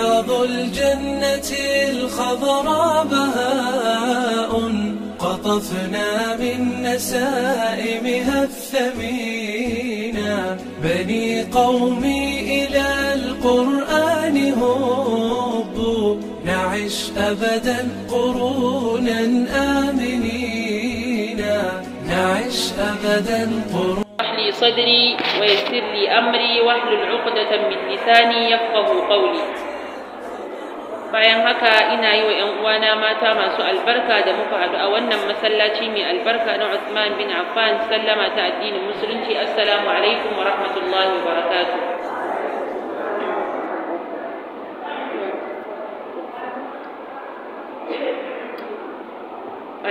رياض الجنة الخضراء بهاء قطفنا من نسائمها الثمينا بني قومي إلى القرآن هبوا نعش أبدا قرونا آمنين نعش أبدا قرونا أحلي صدري ويسر لي أمري واحلل عقدة من لساني يفقه قولي bayan haka ina yi wa 'yan uwana mata masu albarka da muka haɗu a wannan masallaci mai albarka na Usman bin Affan sallama ta addinin musulunci assalamu alaikum wa rahmatullahi wa barakatuh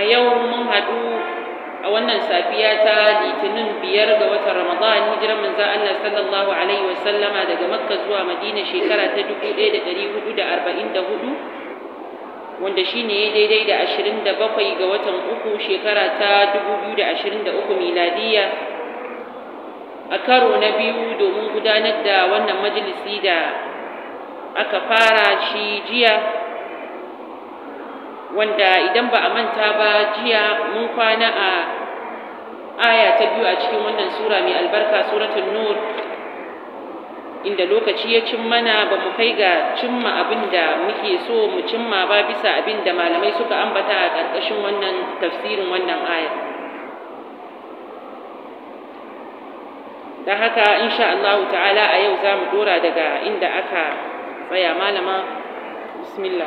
a yau mun haɗu a wannan safiya ta litinin biyar ga watan ramadan hijirar manzan allah sallallahu alaihi wasallama daga makka zuwa madina shekara ta 1444 wanda shine ya daidai da 27 ga watan uku shekara ta 2023 miladiya a karo na biyu domin gudanar da wannan majalisi da aka fara shi jiya wanda idan ba a manta ba jiya mun kwana a aya ta biyu a cikin wannan sura mai albarka suratul nur inda lokaci ya cin mana ba mu kai ga cimma abin da muke so mu cimma ba bisa abin da malamai suka ambata a ƙarƙashin wannan tafsirin wannan aya da haka insha ta'ala a yau za mu dora daga inda aka tsaya malama bismillah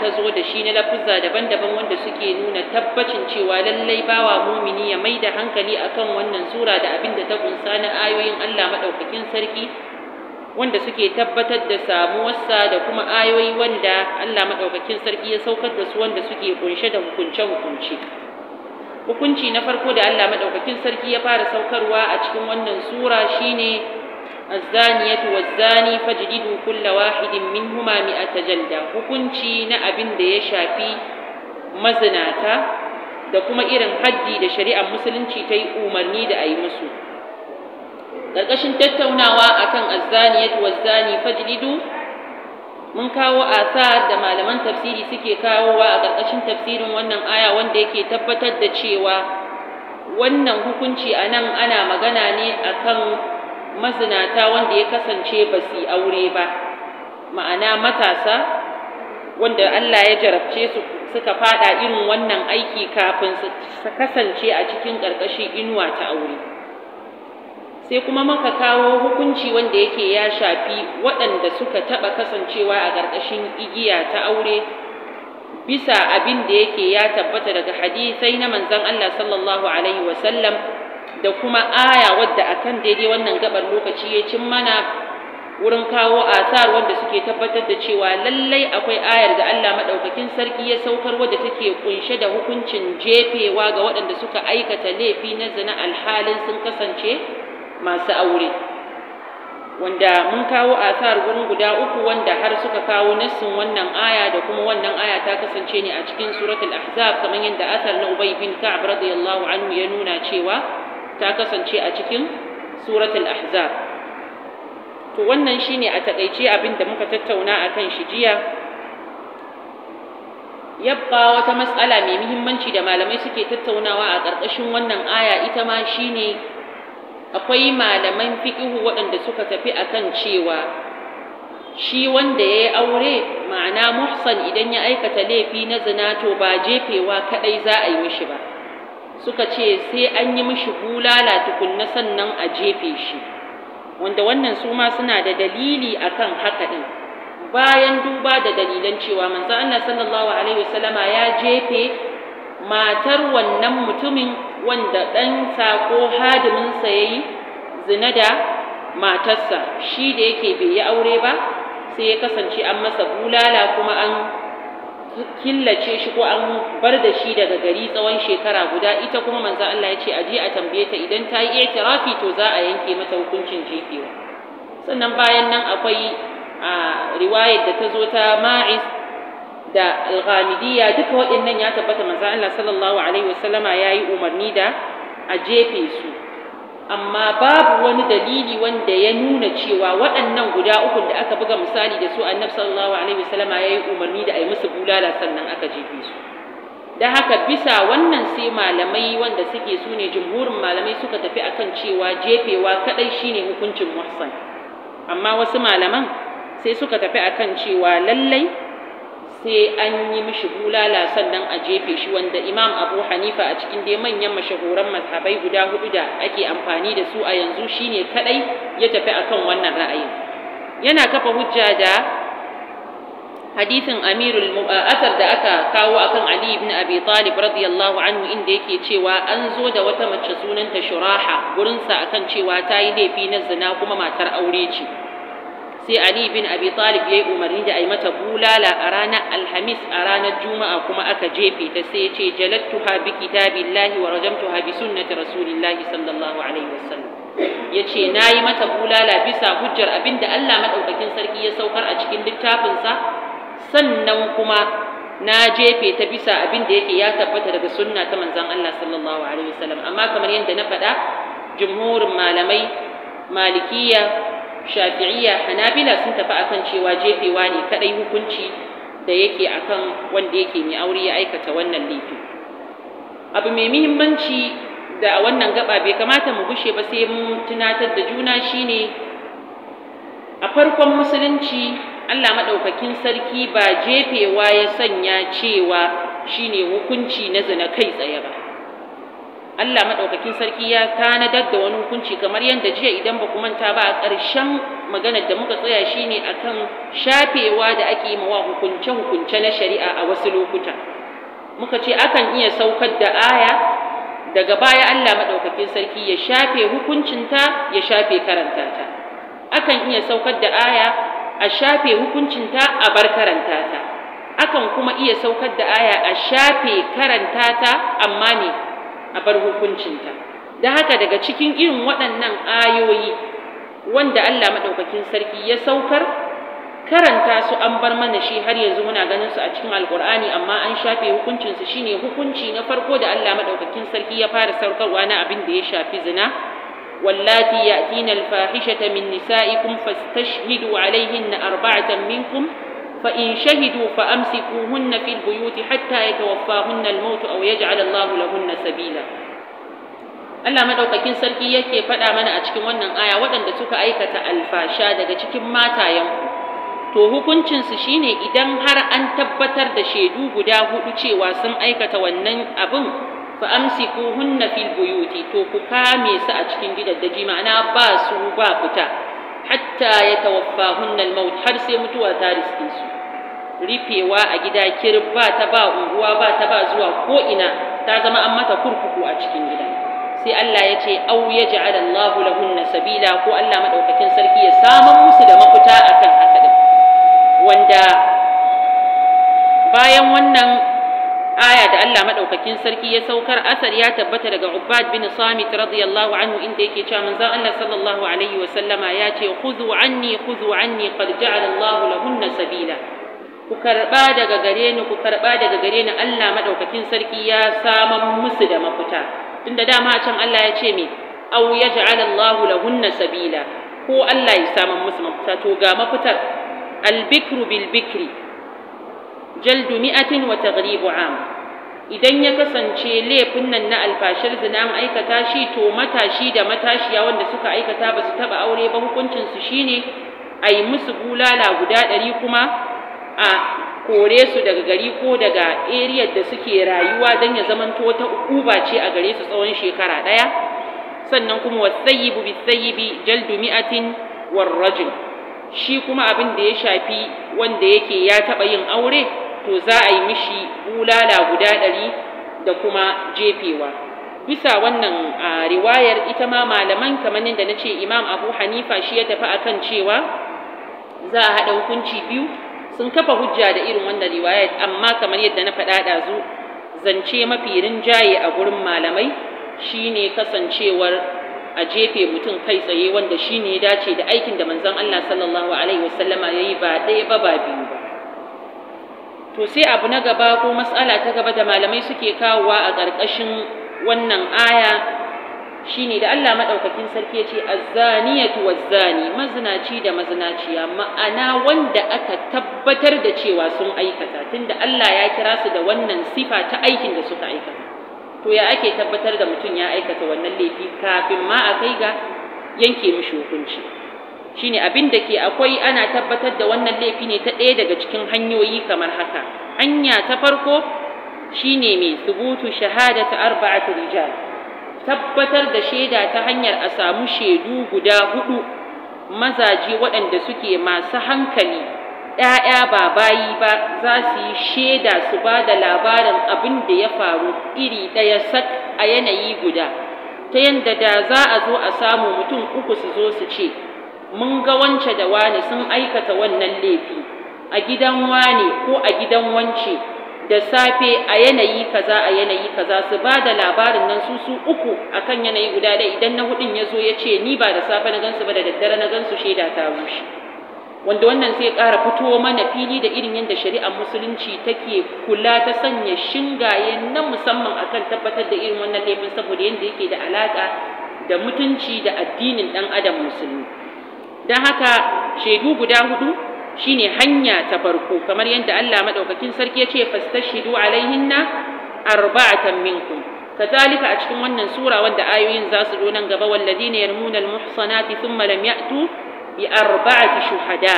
ta zo da shi na lafuzza daban-daban wanda suke nuna tabbacin cewa lallai bawa mumini ya mai da hankali akan wannan sura da abin da ta kunsa na ayoyin Allah maɗaukakin sarki wanda suke tabbatar da samuwarsa da kuma ayoyi wanda Allah maɗaukakin sarki ya saukar da su wanda suke kunshe da hukunce-hukunce. Hukunci na farko da Allah maɗaukakin sarki ya fara saukarwa a cikin wannan sura shine الزانية والزاني فاجلدوا كل واحد منهما مئة جلدة hukunci na abin da ya shafi mazinata da kuma irin haddi da shari'ar musulunci ta yi umarni da a yi musu ƙarƙashin tattaunawa akan azzaniyat wazzani fajlidu mun kawo asa da malaman tafsiri suke kawowa a ƙarkashin tafsirin wannan aya wanda yake tabbatar da cewa wannan hukunci a nan ana magana ne akan mazinata wanda ya kasance ba su aure ba ma'ana matasa wanda Allah ya jarabce su suka fada irin wannan aiki kafin su kasance a cikin ƙarƙashin inuwa ta aure sai kuma muka kawo hukunci wanda yake ya shafi waɗanda suka taɓa kasancewa a ƙarƙashin igiya ta aure bisa abin da yake ya tabbata daga hadisai na manzon Allah sallallahu alaihi wasallam da kuma aya wadda kan daidai wannan gabar lokaci ya cin mana wurin kawo asar wanda suke tabbatar da cewa lallai akwai ayar da Allah maɗaukakin sarki ya saukar wadda take kunshe da hukuncin jefewa ga waɗanda suka aikata laifi na zina alhalin sun kasance masu aure wanda mun kawo asar wurin guda uku wanda har suka kawo nassin wannan aya da kuma wannan aya ta kasance ne a cikin suratul ahzab kamar yadda asar na ubay bin ka'ab radiyallahu anhu ya nuna cewa ta kasance a cikin suratul ahzab to wannan shine a takaice abin da muka tattauna akan shi jiya yabba wata matsala mai muhimmanci da malamai suke tattaunawa a ƙarƙashin wannan aya ita ma shine akwai malaman fiƙihu waɗanda suka tafi akan cewa shi wanda ya yi aure ma'ana muhsan idan ya aikata laifi na zina to ba jefewa kaɗai za a yi mishi ba suka ce sai an yi mishi bulala tukunna sannan a jefe shi wanda wannan su ma suna da dalili akan haka din bayan duba da dalilan cewa manzo Allah sallallahu alaihi wasallama ya jefe matar wannan mutumin wanda dan ko hadimin sa yayi zina da matarsa shi da yake bai yi aure ba sai ya kasance an masa bulala kuma an killace shi ko an bar da shi daga gari tsawon shekara guda ita kuma manzo Allah ya ce a je a tambaye ta idan ta yi i'tirafi to za a yanke mata hukuncin jefewa sannan bayan nan akwai a riwayar da ta zo ta Ma'is da Al-Ghamidiyya duka waɗannan ya tabbata manzo Allah sallallahu alaihi wasallama yayi umarni da a jefe su amma babu wani dalili wanda ya nuna cewa waɗannan guda uku da aka buga misali da su annab sallallahu alaihi wasallama yayi umarni da ai musu bulala sannan aka jefe su da haka bisa wannan sai malamai wanda suke su ne jumhurin malamai suka tafi akan cewa jefewa kadai shine hukuncin muhsan amma wasu malaman sai suka tafi akan cewa lallai sai an yi mishi bulala sannan a jefe shi wanda imam abu hanifa a cikin dai manyan mashahuran mazhabai guda hudu da ake amfani da su a yanzu shine kadai ya tafi akan wannan ra'ayin yana kafa hujja da hadisin amirul asar da aka kawo akan ali ibn abi talib radiyallahu anhu inda yake cewa an zo da wata mace sunanta shuraha gurinsa akan cewa ta yi laifi na zina kuma matar aure ce sai ali bin abi talib yi umarni da ai mata bulala a ranar alhamis a ranar juma'a kuma aka jefe ta sai ya ce jalattuha bi kitabillahi wa rajamtuha bi sunnati rasulillahi sallallahu alaihi wasallam yace nayi mata bulala bisa hujjar abinda Allah maɗaukakin sarki ya saukar a cikin littafinsa sannan kuma na jefe ta bisa abin da yake ya tabbata daga sunna ta manzon Allah sallallahu alaihi wasallam amma kamar yadda na faɗa jumhurin malamai malikiya shafi'iyya hanabila sun tafi akan cewa jefewa ne kadai hukunci da yake akan wanda yake mai aure ya aikata wannan laifi abu mai muhimmanci da a wannan gaba bai kamata mu gushe ba sai mun tunatar da juna shine a farkon musulunci Allah maɗaukakin sarki ba jefewa ya sanya cewa shine hukunci na zina kai tsaye ba Allah maɗaukakin sarki ya tanadar da wani hukunci kamar yadda jiya idan ba ku manta ba a ƙarshen maganar da muka tsaya shine akan shafewa da ake yi mawa hukunce-hukunce na shari'a a wasu lokuta muka ce akan iya saukar da aya daga baya Allah maɗaukakin sarki ya shafe hukuncinta ya shafe karanta akan iya saukar da aya a shafe hukuncinta a bar karantata, akan kuma iya saukar da aya a shafe karantata amma ne a bar hukuncinta da haka daga cikin irin waɗannan ayoyi wanda Allah maɗaukakin sarki ya saukar karanta su an bar mana shi har yanzu muna ganin su a cikin alkur'ani amma an shafe hukuncin su shine hukunci na farko da Allah maɗaukakin sarki ya fara saukarwa na abin da ya shafi zina wallati ya'tina alfahishata min nisa'ikum fastashhidu alaihinna arba'atan minkum فإن شهدوا فأمسكوهن في البيوت حتى يتوفاهن الموت أو يجعل الله لهن سبيلا Allah madaukakin sarki yake faɗa mana a cikin wannan aya waɗanda suka aikata alfasha daga cikin matayen to hukuncinsu shine idan har an tabbatar da shaidu guda hudu cewa sun aikata wannan abin fa amsikuhunna fil buyuti to ku kame su a cikin gidaddaji ma'ana ba su ba fita hatta ya tawaffa hunnan maut har sai mutuwa ta riske su rifewa a gida kirib ba ta ba unguwa ba ta ba zuwa ko ina ta zama an mata kurkuku a cikin gida sai Allah ya ce au yaj'al Allahu lahunna sabila ko Allah madaukakin sarki ya saman musu da mafita akan haka din wanda bayan wannan aya da Allah madaukakin sarki ya saukar asar ya tabbata daga Ubbad bin Samit radiyallahu anhu inda yake cewa manzon Allah sallallahu alaihi wa sallama ya ce khudhu anni khudhu anni qad ja'ala Allah lahunna sabila ku karba daga gare ni ku karba daga gare ni Allah madaukakin sarki ya saman musu da mafita tunda dama a can Allah ya ce me aw yaj'ala Allah lahunna sabila ko Allah ya saman musu mafita to ga mafitar albikru bil bikri jaldu mi'atin wa taghribu am idan ya kasance laifin nan na alfashar zina an aikata shi to matashi da matashiya wanda suka aikata ba su taɓa aure ba hukuncin su shine a yi musu bulala guda ɗari kuma a kore su daga gari ko daga eriyar da suke rayuwa don ya zamanto wata ukuba ce a gare su tsawon shekara ɗaya sannan kuma wasayyibu bisayyibi jaldu mi'atin warrajul shi kuma abin da ya shafi wanda yake ya taɓa yin aure to za a yi mishi bulala guda ɗari da kuma jefewa bisa wannan riwayar ita ma malaman kamar yadda na ce imam abu hanifa shi ya tafi akan cewa za a haɗa hukunci biyu sun kafa hujja da irin wannan riwayar amma kamar yadda na faɗa ɗazu zance mafi rinjaye a gurin malamai shine kasancewar a jefe mutum kai tsaye wanda shine ya dace da aikin da manzon Allah sallallahu alaihi wasallama yayi ba ɗaya ba ba biyu ba to sai abu na gaba ko matsala ta gaba da malamai suke kawowa a ƙarƙashin wannan aya shine da Allah maɗaukakin sarki ya ce azzaniyatu wazzani mazinaci da mazinaciya ma'ana wanda aka tabbatar da cewa sun aikata tunda Allah ya kira su da wannan sifa ta aikin da suka aikata to ya ake tabbatar da mutum ya aikata wannan laifi kafin ma a kai ga yanke mishi hukunci shine abin da ke akwai ana tabbatar da wannan laifi ne ta ɗaya daga cikin hanyoyi kamar haka hanya ta farko shine mai subutu ta arba'atu rijal tabbatar da shaida ta hanyar a samu shaidu guda hudu mazaje waɗanda suke masu hankali ‘ya'ya ba bayi ba za su yi shaida su ba da labarin abin da ya faru iri ɗaya sat a yanayi guda ta yadda da za a zo a samu mutum uku su zo su ce mun ga wance da wani sun aikata wannan laifi a gidan wani ko a gidan wance da safe a yanayi kaza a yanayi kaza su ba da labarin nan su su uku akan yanayi guda da idan na hudun ya zo ya ce ni ba da safe na gansu ba da daddare na gansu shaida ta rushe wanda wannan sai ƙara fito mana fili da irin yadda shari'ar musulunci take kula ta sanya shingaye na musamman akan tabbatar da irin wannan laifin saboda yadda yake da alaƙa da mutunci da addinin ɗan adam musulmi dan haka shedu guda hudu shine hanya ta farko kamar yanda Allah madaukakin sarki yace fastashidu alaihinna arba'atan minkum kazalika a cikin wannan sura wanda ayoyin za su zo nan gaba walladina yarmuna almuhsanati thumma lam ya'tu bi arba'ati shuhada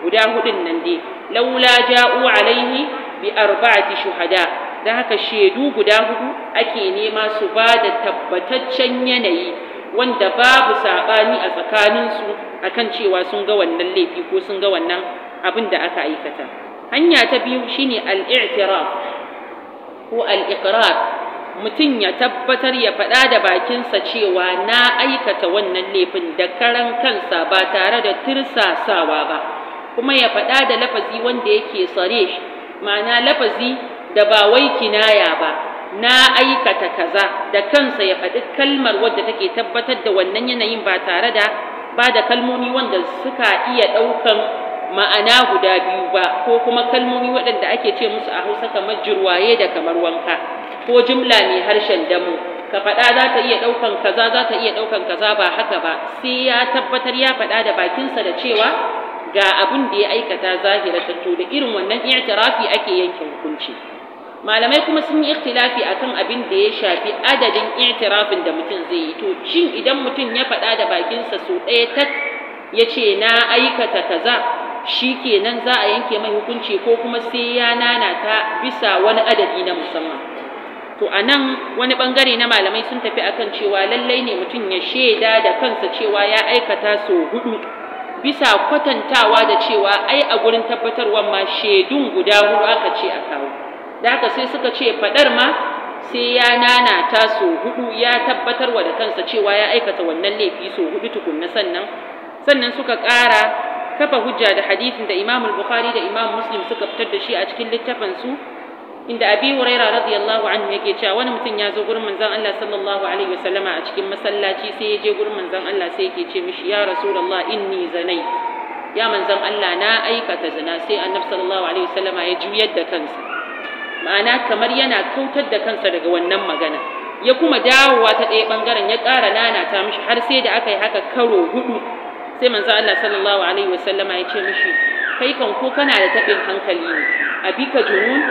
guda hudun nan dai laula ja'u alaihi bi arba'ati shuhada dan haka shedu guda hudu ake nema su bada tabbataccen yanayi wanda babu saɓani a tsakaninsu akan cewa sun ga wannan laifi ko sun ga wannan abin da aka aikata hanya ta biyu shine al-i'tiraf ko al-iqrar mutum ya tabbatar ya faɗa da bakinsa cewa na aikata wannan laifin da karan kansa ba tare da tirsasawa ba kuma ya faɗa da lafazi wanda yake sare ma'ana lafazi da ba wai kinaya ba na aikata kaza da kansa ya faɗi kalmar wadda take tabbatar da wannan yanayin ba tare da ba da kalmomi wanda suka iya ɗaukan ma'ana guda biyu ba ko kuma kalmomi waɗanda ake ce musu a hausa kamar jirwaye da kamar wanka ko jumla mai harshen damo ka faɗa za ta iya ɗaukan kaza za ta iya ɗaukan kaza ba haka ba sai ya tabbatar ya faɗa da bakinsa da cewa ga abin da ya aikata zahiratan da irin wannan i'tirafi ake yanke hukunci malamai kuma sun yi ikhtilafi akan abin da ya shafi adadin i'tirafin da mutum zai yi to shin idan mutum ya faɗa da bakinsa so ɗaya ta ya ce na aikata kaza shi kenan za a yanke mai hukunci ko kuma sai ya nanata bisa wani adadi na musamman to a wani bangare na malamai sun tafi akan cewa lallai ne mutum ya shaida da kansa cewa ya aikata so hudu bisa kwatantawa da cewa ai a gurin tabbatarwa ma shaidun guda hudu aka ce a kawo da haka sai suka ce faɗar ma sai ya nanata so hudu ya tabbatar wa da kansa cewa ya aikata wannan laifi so hudu tukunna sannan sannan suka ƙara kafa hujja da hadisin da Imam Bukhari da Imam Muslim suka fitar da shi a cikin littafin su inda Abi huraira radiyallahu anhu yake cewa wani mutum ya zo gurin manzon Allah sallallahu alaihi wasallama a cikin masallaci sai ya je gurin manzon Allah sai yake ce mishi ya Rasulullah inni zanai ya manzon Allah na aikata zina sai Annabi sallallahu alaihi wasallama ya juyar da kansa ma'ana kamar yana kautar da kansa daga wannan magana ya kuma dawowa ta ɗaya ɓangaren ya ƙara nanata mishi har sai da aka yi haka karo hudu sai manzo Allah sallallahu alaihi wasallama ya ce mishi kai kan ko kana da taɓin hankali ne abika junun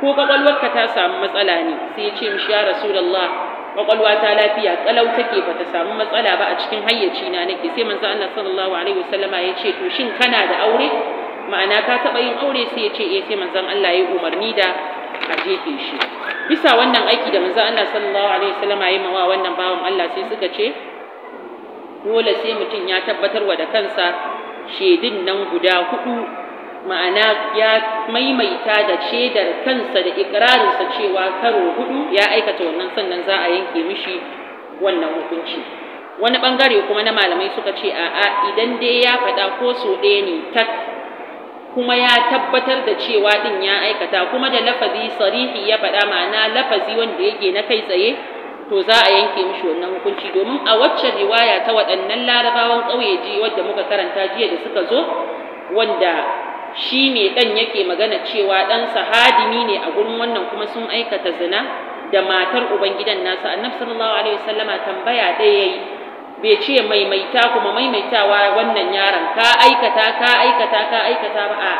ko kwakwalwarka ta samu matsala ne sai ya ce mishi ya rasulullah ƙwaƙwalwa ta lafiya kalau take ba ta samu matsala ba a cikin hayyaci na nake sai manzo Allah sallallahu alaihi wasallama ya ce to shin kana da aure ma'ana ka taɓa yin aure sai ya ce eh sai manzon Allah ya umarni da a jefe shi bisa wannan aiki da manzo Allah sallallahu alaihi wasallam ya yi mawa wannan bawan Allah sai suka ce dole sai mutum ya tabbatar wa da kansa shedin nan guda hudu ma'ana ya maimaita da shaidar kansa da ikirarinsa cewa karo hudu ya aikata wannan sannan za a yanke mishi wannan hukunci wani bangare kuma na malamai suka ce a'a idan dai ya faɗa ko so ɗaya ne tak kuma ya tabbatar da cewa din ya aikata kuma da lafazi sarihi ya faɗa ma'ana lafazi wanda yake na kai tsaye to za a yanke mishi wannan hukunci domin a wacce riwaya ta waɗannan larabawan ƙauye ji wadda muka karanta jiya da suka zo wanda shi mai ɗan yake magana cewa ɗansa hadimi ne a gurin wannan kuma sun aikata zina da matar ubangidan nasa annabi sallallahu alaihi wasallama tambaya ɗaya yayi bai ce maimaita kuma maimaitawa wannan yaron ka aikata ka aikata ka aikata ba a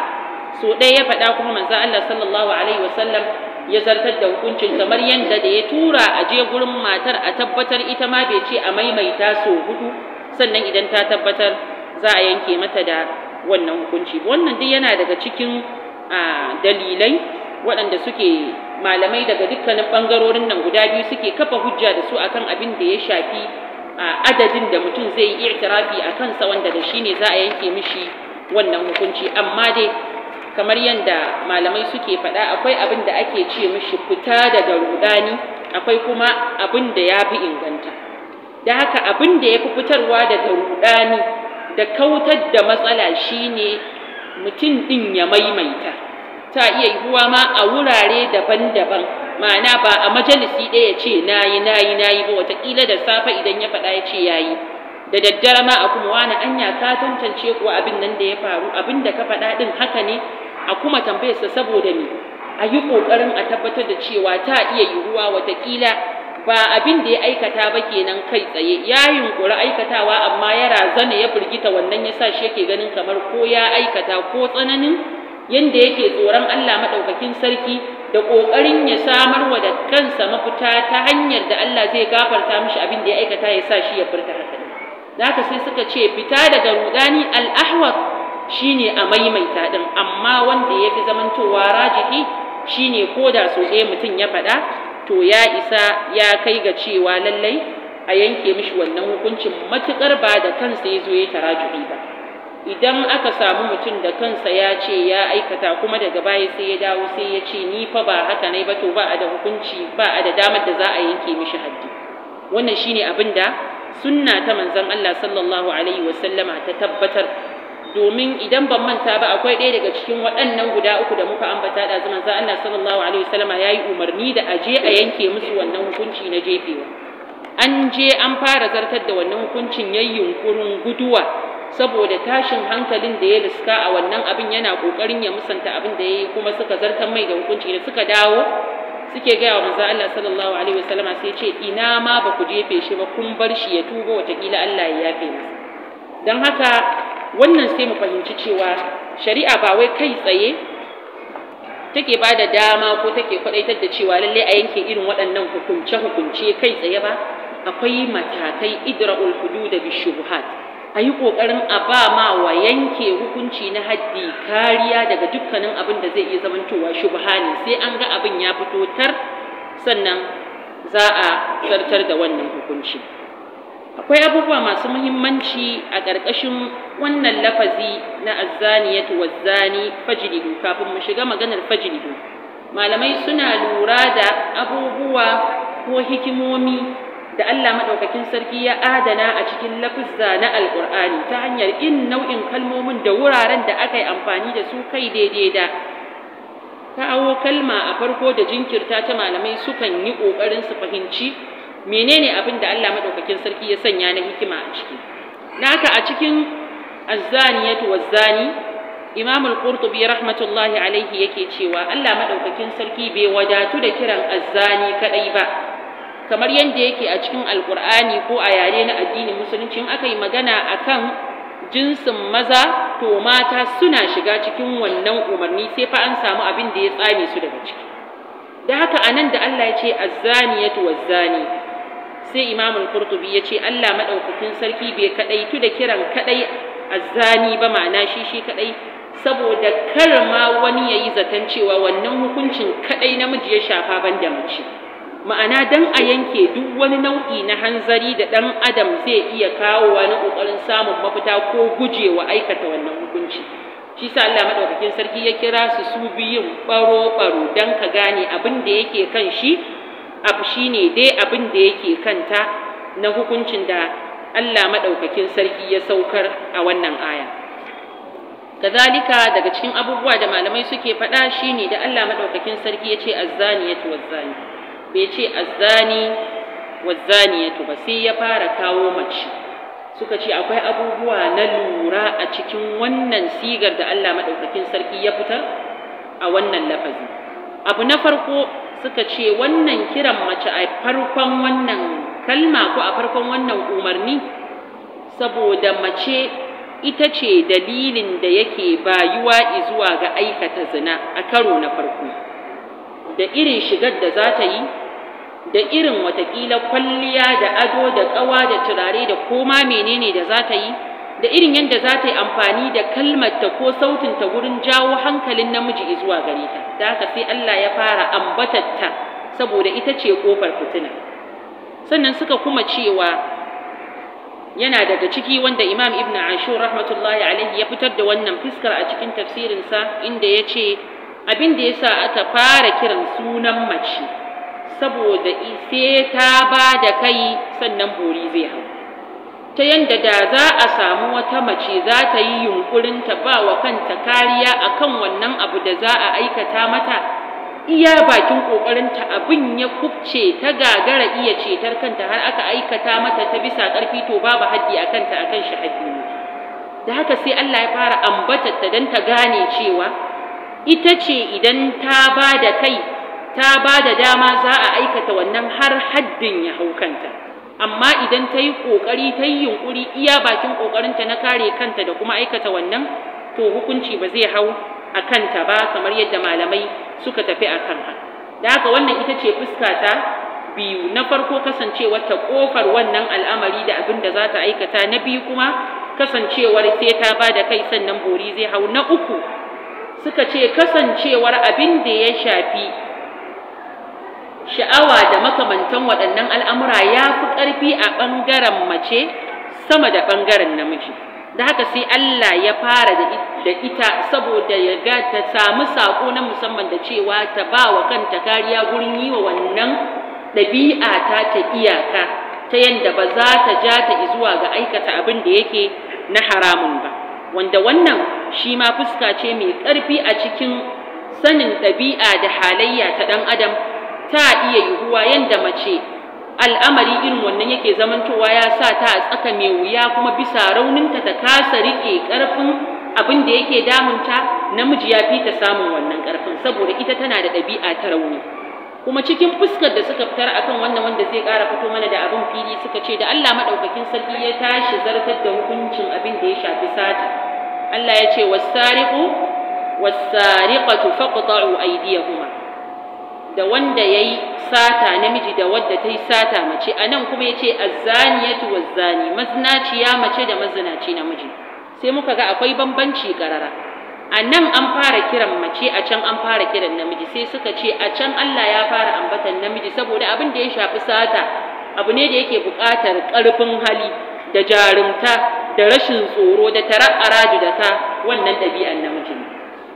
so ɗaya ya faɗa kuma manzo Allah sallallahu alaihi wasallam ya zartar da hukuncin kamar yadda da ya tura a je gurin matar a tabbatar ita ma bai ce a maimaita so hudu sannan idan ta tabbatar za a yanke mata da wannan hukunci wannan duk yana daga cikin dalilai waɗanda suke malamai daga dukkanin ɓangarorin nan guda biyu suke kafa hujja da su akan abin da ya shafi adadin da mutum zai yi i'tirafi a kansa wanda da shi ne za a yanke mishi wannan hukunci amma dai kamar yadda malamai suke faɗa akwai abin da ake ce mishi fita daga rudani akwai kuma abin da ya fi inganta da haka abin da ya fi fitarwa daga rudani da kautar da matsala shi ne mutum ɗin ya maimaita ta iya yiwuwa ma a wurare daban-daban ma'ana ba a majalisi ɗaya ya ce na na yi, yi, na yi ba watakila da safe idan ya faɗa ya ce ya yi. da daddare ma a kuma wani anya ta tantance kuwa abin nan da ya faru abin da ka faɗa ɗin haka ne a kuma tambayarsa saboda ni, a yi ƙoƙarin a tabbatar da cewa ta iya yiwuwa wataƙila ba abin da ya aikata ba kenan kai tsaye ya yunƙuri aikatawa amma ya razana ya firgita wannan ya sa shi yake ganin kamar ko ya aikata ko tsananin yanda yake tsoron Allah maɗaukakin sarki da ƙoƙarin ya samar wa da kansa mafita ta hanyar da Allah zai gafarta mishi abin da ya aikata ya sa shi ya furta haka Za haka sai suka ce fita daga rudani al'ahwar shine a maimaita din amma wanda ya fi zamantowa shi shine ko da so ɗaya mutum ya faɗa to ya isa ya kai ga cewa lallai a yanke mishi wannan hukuncin matuƙar ba da kansa ya zo ya tarajuhi ba idan aka samu mutum da kansa ya ce ya aikata kuma daga baya sai ya dawo sai ya ce ni fa ba haka ne ba to ba a da hukunci ba a da damar da za a yanke mishi haddi wannan shine abin da sunna ta manzon Allah sallallahu alaihi wasallama ta tabbatar domin idan ban manta ba akwai ɗaya daga cikin waɗannan guda uku da muka ambata da zaman za Allah sallallahu alaihi wasallama yayi umarni da a je a yanke musu wannan hukunci na jefewa an je an fara zartar da wannan hukuncin yayin yunkurin guduwa saboda tashin hankalin da ya riska a wannan abin yana kokarin ya musanta abin da ya yi kuma suka zartar mai da hukunci da suka dawo suke gaya wa manzo Allah sallallahu alaihi wasallam sai ce ina ma ba ku jefe shi ba kun bar shi ya tuba kila Allah ya yafe masa dan haka wannan sai mu fahimci cewa shari'a ba wai kai tsaye take ba da dama ko take kwadaitar da cewa lallai a yanke irin waɗannan hukunce hukunce kai tsaye ba akwai matakai idra'ul hududa bishubuhat a yi ƙoƙarin a ba ma wa yanke hukunci na haddi kariya daga dukkanin abin da zai iya zamantowa shubha ne sai an ga abin ya fito tar sannan za a zartar da wannan hukunci akwai abubuwa masu muhimmanci a ƙarƙashin wannan lafazi na azzaniyatu wazzani fajlidu kafin mu shiga maganar fajlidu malamai suna lura da abubuwa ko hikimomi da Allah maɗaukakin sarki ya adana a cikin lafizza na Alƙur'ani ta hanyar in nau'in kalmomin da wuraren da aka yi amfani da su kai daidai da kawo kalma a farko da jinkirta ta malamai sukan yi ƙoƙarin su fahimci menene abin da Allah maɗaukakin sarki ya sanya na hikima a ciki naka a cikin azzaniyatu wazzani Imam Al-Qurtubi rahmatullahi alaihi yake cewa Allah maɗaukakin sarki bai wadatu da kiran azzani kadai ba kamar yadda yake a cikin alkur'ani ko a yare na addinin musulunci in aka yi magana a kan jinsin maza to mata suna shiga cikin wannan umarni sai fa an samu abin da ya tsame su daga ciki da haka a nan da Allah ya ce azzaniyatu wazzani sai Imam al-Qurtubi ya ce Allah madaukakin sarki bai kadai tu da kiran kadai azzani ba ma'ana shi shi kadai saboda kar ma wani yayi zaton cewa wannan hukuncin kadai namiji ya shafa banda mace ma'ana dan a yanke duk wani nau'i na hanzari da ɗan adam zai iya kawowa na ƙoƙarin samun mafita ko gujewa aikata wannan hukunci shi sa Allah madaukakin sarki ya kira su su biyun baro baro dan ka gane abin da yake kan shi abu shine dai abin da yake kanta na hukuncin da Allah madaukakin sarki ya saukar a wannan aya kazalika daga cikin abubuwa da malamai suke faɗa shine da Allah madaukakin sarki ya ce azzaniyatu wazzani bai ce azzani ya ba sai ya fara kawo mace suka ce akwai abubuwa na lura a cikin wannan sigar da Allah madaukakin sarki ya fitar a wannan lafazi abu na farko suka ce wannan kiran mace a farkon wannan kalma ko a farkon wannan umarni saboda mace ita ce dalilin da yake bayuwa zuwa ga aikata zina a karo na farko da irin shigar da za ta yi da irin watakila kwalliya da ado da ƙawa da turare da koma menene da za ta yi da irin yadda za ta yi amfani da kalmarta ko sautinta wurin jawo hankalin namiji zuwa gare ta da haka sai Allah ya fara ambatatta saboda ita ce kofar fitina sannan suka kuma cewa yana daga ciki wanda Imam Ibn Ashur rahmatullahi alaihi ya fitar da wannan fiskar a cikin tafsirinsa inda ya ce abin da ya sa aka fara kiran sunan mace saboda sai ta ba da kai sannan bori zai hau ta yadda da za a samu wata mace za ta yi yunkurin ta ba wa kanta kariya a kan wannan abu da za a aikata mata iya bakin ƙoƙarinta abin ya kubce ta gagara iya cetar kanta har aka aikata mata ta bisa ƙarfi to babu haddi a kanta akan shi haddi ne da haka sai Allah ya fara ambatar ta don ta gane cewa ita ce idan ta ba da kai ta ba da dama za a aikata wannan har haddin ya hau kanta amma idan ta yi ƙoƙari ta yi yunƙuri iya bakin ƙoƙarinta na kare kanta da kuma aikata wannan to hukunci ba zai hau a kanta ba kamar yadda malamai suka tafi a kan haka da haka wannan ita ce fuska ta biyu na farko kasancewar ta ƙofar wannan al'amari da abin da za ta aikata na biyu kuma kasancewar sai ta ba da kai sannan bori zai hau na uku suka ce kasancewar abin da ya shafi sha'awa da makamantan waɗannan al'amura ya fi ƙarfi a ɓangaren mace sama da ɓangaren namiji da haka sai Allah ya fara da ita saboda ya ga ta samu saƙo na musamman da cewa ta ba wa kanta kariya gurin yi wa wannan ɗabi'a ta ta iyaka ta yadda ba za ta ja ta zuwa ga aikata abin da yake na haramun ba wanda wannan shi ma fuska ce mai ƙarfi a cikin sanin ɗabi'a da halayya ta ɗan adam ta iya yiwuwa yadda mace al'amari irin wannan yake zamantowa ya sa ta a tsaka mai wuya kuma bisa rauninta ta kasa riƙe ƙarfin abin da yake damunta namiji ya fi ta samun wannan ƙarfin saboda ita tana da ɗabi'a ta rauni kuma cikin fuskar da suka fitar akan wannan wanda zai ƙara fito mana da abin fili suka ce da Allah maɗaukakin sarki ya tashi zartar da hukuncin abin da ya shafi sata Allah ya ce wasariqu wasariqatu faqta'u aydiyahuma da wanda ya yi sata namiji da wadda ta yi sata mace a nan kuma ya ce azzaniyatu wazzani ya mace da mazinaci namiji sai muka ga akwai bambanci karara a nan an fara kiran mace a can an fara kiran namiji sai suka ce a can Allah ya fara ambatan namiji saboda abin da ya shafi sata abu ne da yake buƙatar ƙarfin hali da jarumta da rashin tsoro da tara'ara da ta wannan ɗabi'an namiji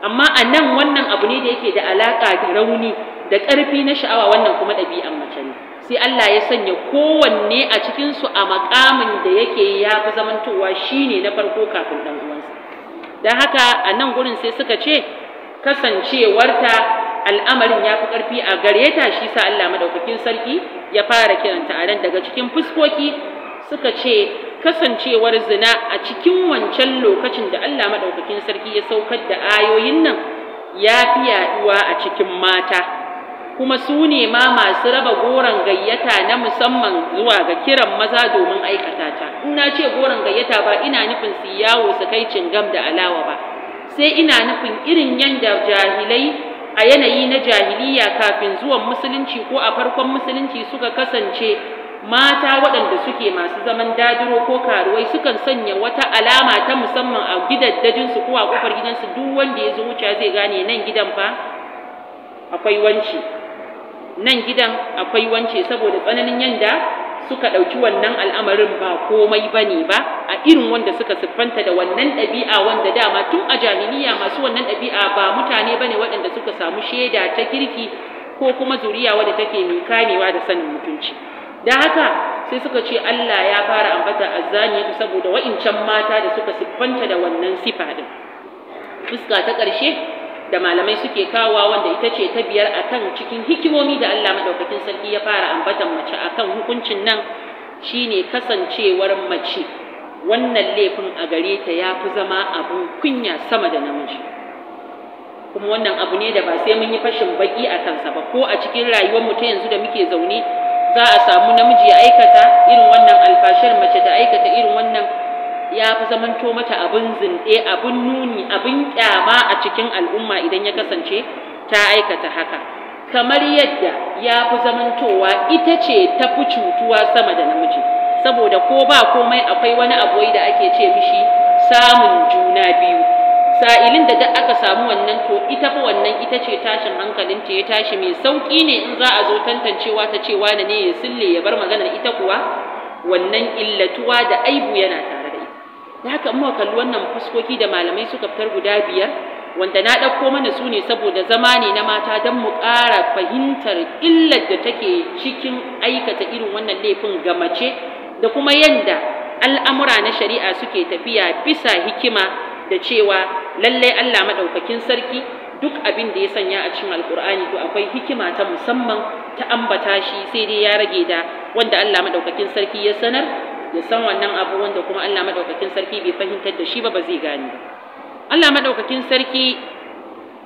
amma a nan wannan abu ne da yake da alaƙa da rauni da ƙarfi na sha'awa wannan kuma ɗabi'an mace ne sai Allah ya sanya kowanne a cikinsu a makamin da yake ya fi zamantowa ne na farko kafin ɗan uwansa don haka a nan gurin sai suka ce kasancewarta al'amarin ya fi ƙarfi a gare ta shi sa Allah maɗaukakin sarki ya fara kiranta a nan daga cikin fuskoki suka ce kasancewar zina a cikin wancan lokacin da Allah maɗaukakin sarki ya saukar da ayoyin nan ya fi yaɗuwa a cikin mata kuma su ne ma masu raba goron gayyata na musamman zuwa ga kiran maza domin aikata ta in na ce goron gayyata ba ina nufin su yawo su kai cingam da alawa ba sai ina nufin irin yanda jahilai a yanayi na jahiliya kafin zuwan musulunci ko a farkon musulunci suka kasance mata waɗanda suke masu zaman dadiro ko karuwai sukan sanya wata alama ta musamman a gidaddajinsu ko a kofar gidansu duk wanda ya zo wuce zai gane nan gidan fa akwai wanci nan gidan akwai wance saboda tsananin yanda suka ɗauki wannan al'amarin ba komai ba ne ba a irin wanda suka siffanta da wannan ɗabi'a wanda dama tun a jaminiya masu wannan ɗabi'a ba mutane ba ne waɗanda suka samu shaida ta kirki ko kuma zuriya wadda take mai kamewa da sanin mutunci da haka sai suka ce Allah ya fara ambata azzaniyatu saboda wa'incan mata da suka siffanta da wannan sifa din fuska ta ƙarshe da malamai suke kawowa wanda ita ce ta biyar a kan cikin hikimomi da Allah maɗaukakin sarki ya fara ambatan mace akan hukuncin nan shine kasancewar mace wannan laifin a gare ta ya fi zama abin kunya sama da namiji kuma wannan abu ne da ba sai mun yi fashin baki a kansa ba ko a cikin rayuwar mu ta yanzu da muke zaune za a samu namiji ya aikata irin wannan alfashar mace ta aikata irin wannan ya fi zamanto mata abin zinɗe, abin nuni abin kyama a cikin al'umma idan ya kasance ta aikata haka kamar yadda ya fi zamantowa ita ce ta fi cutuwa sama da namiji saboda ko ba komai akwai wani aboyi da ake ce mishi samun juna biyu sa'ilin da duk aka samu wannan to ita fa wannan ita ce tashin hankalin ta ya tashi mai sauƙi ne in za a zo tantancewa ta cewa wane ne ya sille ya bar maganar ita kuwa wannan illatuwa da aibu yana tare da haka in muka kalli wannan fuskoki da malamai suka fitar guda biyar wanda na ɗauko mana su ne saboda zama ne na mata don mu ƙara fahimtar illar da take cikin aikata irin wannan laifin ga mace da kuma yadda al'amura na shari'a suke tafiya bisa hikima da cewa lallai Allah maɗaukakin sarki duk abin da ya sanya a cikin alkur'ani to akwai hikima ta musamman ta ambata shi sai dai ya rage da wanda Allah maɗaukakin sarki ya sanar ya san wannan abu wanda kuma Allah madaukakin sarki bai fahimtar da shi ba ba zai gane ba Allah madaukakin sarki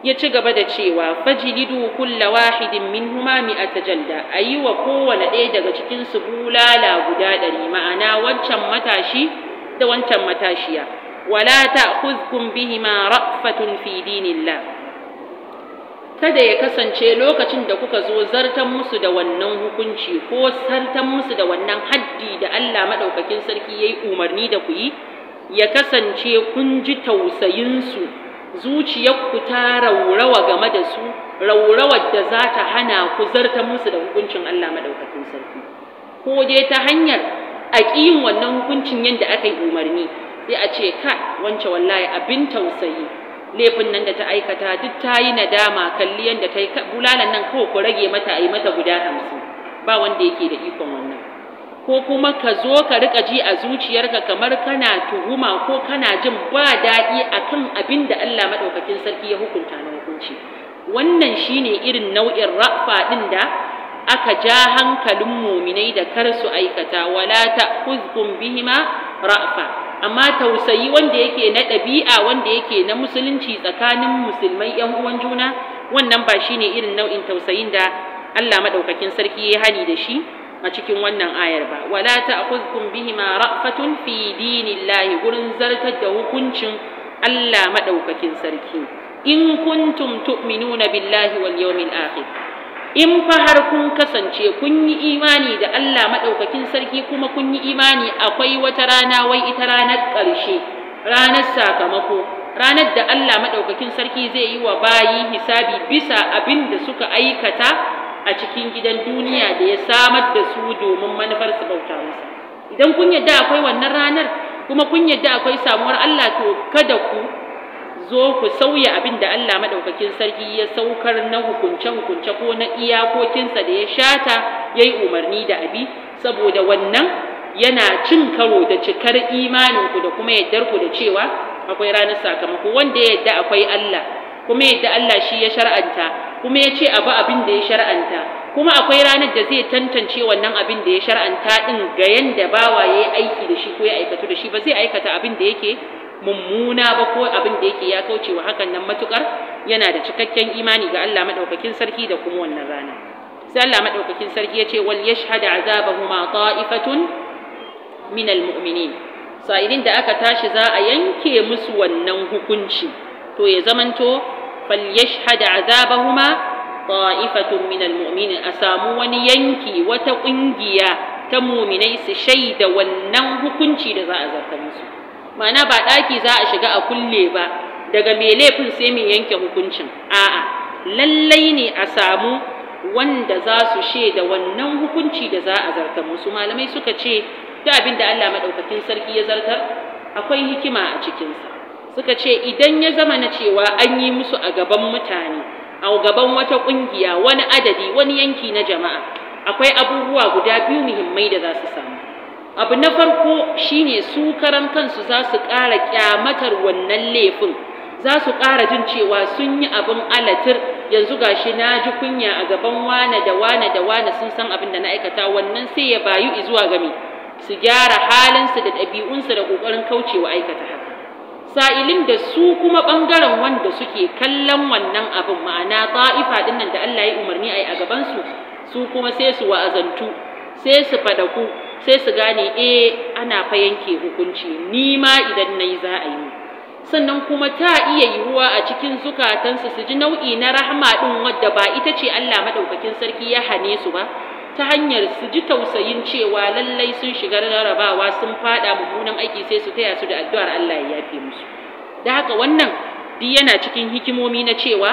ya ci gaba da cewa fajlidu kulla wahidin minhuma mi'ata a ayi wa kowane ɗaya daga cikin su bulala guda ɗari ma'ana wancan matashi da wancan matashiya wala ta'khudhukum bihima ra'fatun fi dinillah kada ya kasance lokacin da kuka zo zartan musu da wannan hukunci ko zartan musu da wannan haddi da Allah maɗaukakin sarki ya yi umarni da ku yi ya kasance kun ji tausayinsu zuciyarku ta raurawa game da su raurawar da za ta hana ku zartan musu da hukuncin Allah maɗaukakin sarki ko dai ta hanyar a wannan hukuncin yadda aka yi umarni sai a ce ka wance wallahi abin tausayi laifin nan da ta aikata duk ta yi nadama kalli yadda ta yi bulalan nan kawai ku rage mata a yi mata guda hamsin ba wanda yake da ikon wannan ko kuma ka zo ka rika ji a zuciyarka kamar kana tuhuma ko kana jin ba daɗi akan abin da Allah maɗaukakin sarki ya hukunta na hukunci wannan shine irin nau'in rafa ɗin da aka ja hankalin muminai da kar su aikata wala ta'khuzkum bihima ra'fa amma tausayi wanda yake na ɗabi'a wanda yake na musulunci tsakanin musulmai yan uwan juna wannan ba shine irin nau'in tausayin da Allah madaukakin sarki ya hani da shi a cikin wannan ayar ba wala ta'khuzkum bihima ra'fatun fi dinillahi gurin zartar da hukuncin Allah madaukakin sarki in kuntum tu'minuna billahi wal yawmil akhir in fa har kun kasance kun yi imani da Allah maɗaukakin sarki kuma kun yi imani akwai wata rana wai ita ranar ƙarshe ranar sakamako ranar da Allah maɗaukakin sarki zai yi wa bayi hisabi bisa abin da suka aikata a cikin gidan duniya da ya samar da su domin manufar su bauta masa idan kun yadda akwai wannan ranar kuma kun yadda akwai samuwar Allah to kada ku zo ku sauya abin da Allah maɗaukakin sarki ya saukar na hukunce-hukunce ko na iyakokinsa da ya shata ya yi umarni da abi saboda wannan yana cin karo da cikar imaninku da kuma yardarku da cewa akwai ranar sakamako wanda ya yarda akwai Allah kuma yadda Allah shi ya shar'anta kuma ya ce abu abin da ya shar'anta kuma akwai ranar da zai tantance wannan abin da ya shar'anta ɗin, ga yanda bawa ya yi aiki da shi ko ya aikatu da shi ba zai aikata abin da yake mummuna ba ko abin da yake ya kauce wa hakan nan matukar yana da cikakken imani ga Allah madaukakin sarki da kuma wannan rana sai Allah madaukakin sarki ya ce wal yashhad azabahuma ta'ifatun min almu'minin sa'ilin da aka tashi za a yanke musu wannan hukunci to ya zamanto fal yashhad azabahuma ta'ifatun min almu'minin a samu wani yanki wata kungiya ta muminai su shaida wannan hukunci da za a zartar musu mana ba ɗaki za a shiga a kulle ba daga mai laifin sai mu yanke hukuncin a'a lallai ne a samu wanda za su shaida wannan hukunci da za a zarta musu malamai suka ce da abin da Allah maɗaukakin sarki ya zartar akwai hikima a cikinsa suka ce idan ya zama na cewa an yi musu a gaban mutane a gaban wata ƙungiya wani adadi wani yanki na jama'a akwai abubuwa guda biyu muhimmai da za su samu abu na farko shine su karan kansu za su ƙara ƙyamatar wannan laifin za su ƙara jin cewa sun yi abin alatir yanzu ga shi na ji kunya a gaban wane da wane da wane sun san abin da na aikata wannan sai ya bayu zuwa gami su gyara halinsu da ɗabi'unsu da ƙoƙarin kaucewa aikata haka sa'ilin da su kuma ɓangaren wanda suke kallon wannan abin ma'ana ta'ifa ɗin nan da Allah ya umarni a yi a gabansu su kuma sai su wa'azantu sai su faɗaku sai su gane eh ana fa yanke hukunci ni ma idan nayi za a yi sannan kuma ta iya yiwuwa a cikin zukatansu su ji nau'i na rahama din wadda ba ita ce Allah maɗaukakin sarki ya hane su ba ta hanyar su ji tausayin cewa lallai sun shiga rarrabawa sun fada mummunan aiki sai su taya su da addu'ar Allah ya yafe musu da haka wannan duk yana cikin hikimomi na cewa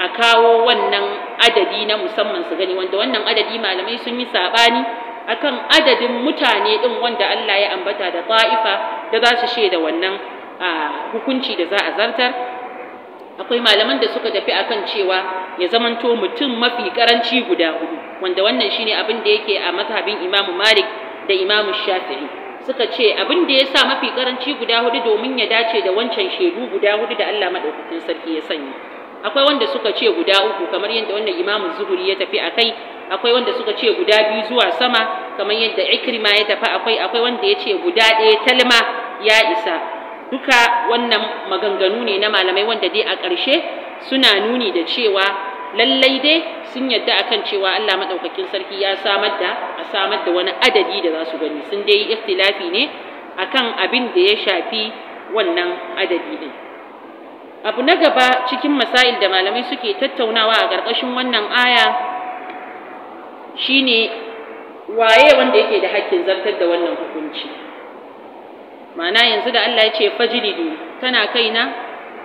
a kawo wannan adadi na musamman su gani wanda wannan adadi malamai sun yi saɓani akan adadin mutane ɗin wanda Allah ya ambata da ta'ifa da za su shaida wannan hukunci da za a zartar akwai malaman da suka tafi akan cewa ya zamanto mutum mafi karanci guda hudu wanda wannan shine abin da yake a mazhabin Imam Malik da Imam Shafi'i suka ce abin da ya sa mafi karanci guda hudu domin ya dace da wancan shaidu guda hudu da Allah madaukakin sarki ya sanya akwai wanda suka ce guda uku kamar yadda wannan Imam Zuhuri ya tafi akai akwai wanda suka ce guda biyu zuwa sama kamar yadda ikrima ya tafi akwai akwai wanda ya ce guda ɗaya talma ya isa duka wannan maganganu ne na malamai wanda dai a ƙarshe suna nuni da cewa lallai dai sun yadda akan cewa Allah madaukakin sarki ya samar da a samar da wani adadi da za su gani sun dai yi ikhtilafi ne akan abin da ya shafi wannan adadi din abu na gaba cikin masail da malamai suke tattaunawa a ƙarƙashin wannan aya shine waye wanda yake da hakkin zartar da wannan hukunci Mana yanzu da Allah ya ce fajlidu tana na,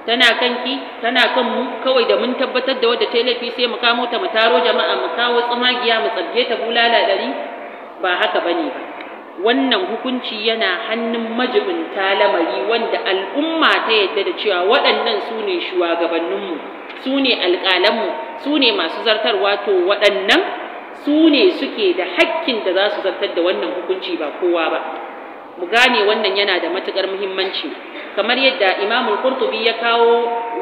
tana kanki tana kan mu kawai da mun tabbatar da wadda ta laifi sai mu kamo ta mu taro jama'a mu kawo tsumagiya mu tsabge ta bulala ɗari, ba haka ne ba wannan hukunci yana hannun majibin lamari wanda al'umma ta yadda da cewa waɗannan su ne shugabanninmu su ne alƙalanmu su ne masu zartarwa to waɗannan su ne suke da hakkin da za su zartar da wannan hukunci ba kowa ba mu gane wannan yana da matuƙar muhimmanci kamar yadda imamul qurtubi ya kawo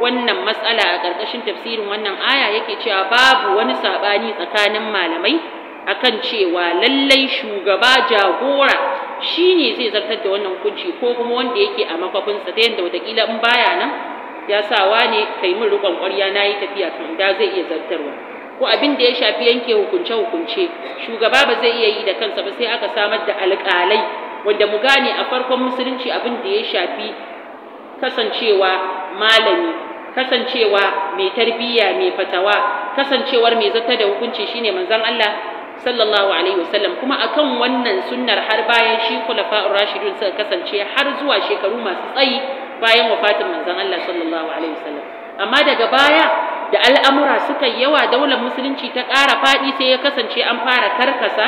wannan matsala a ƙarƙashin tafsirin wannan aya yake cewa babu wani saɓani tsakanin malamai akan cewa lallai shugaba jagora shi shine zai zartar da wannan hukunci ko kuma wanda yake a makwafinsa. ta yadda wataƙila in baya nan ya sa ne kai min riƙon ƙwarya na yi tafiya kan da zai iya zartarwa ko abin da ya shafi yanke hukunce-hukunce shugaba ba zai iya yi da kansa ba sai aka samar da alƙalai wanda mu gane a farkon musulunci abin da ya shafi kasancewa malami kasancewa mai tarbiyya mai fatawa kasancewar mai zata da hukunci shine manzon Allah sallallahu alaihi wasallam kuma akan wannan sunnar har bayan shi ar rashidun suka kasance har zuwa shekaru masu tsayi bayan wafatin manzon Allah sallallahu alaihi wasallam amma daga baya da al'amura suka yawa daular musulunci ta ƙara faɗi sai ya kasance an fara karkasa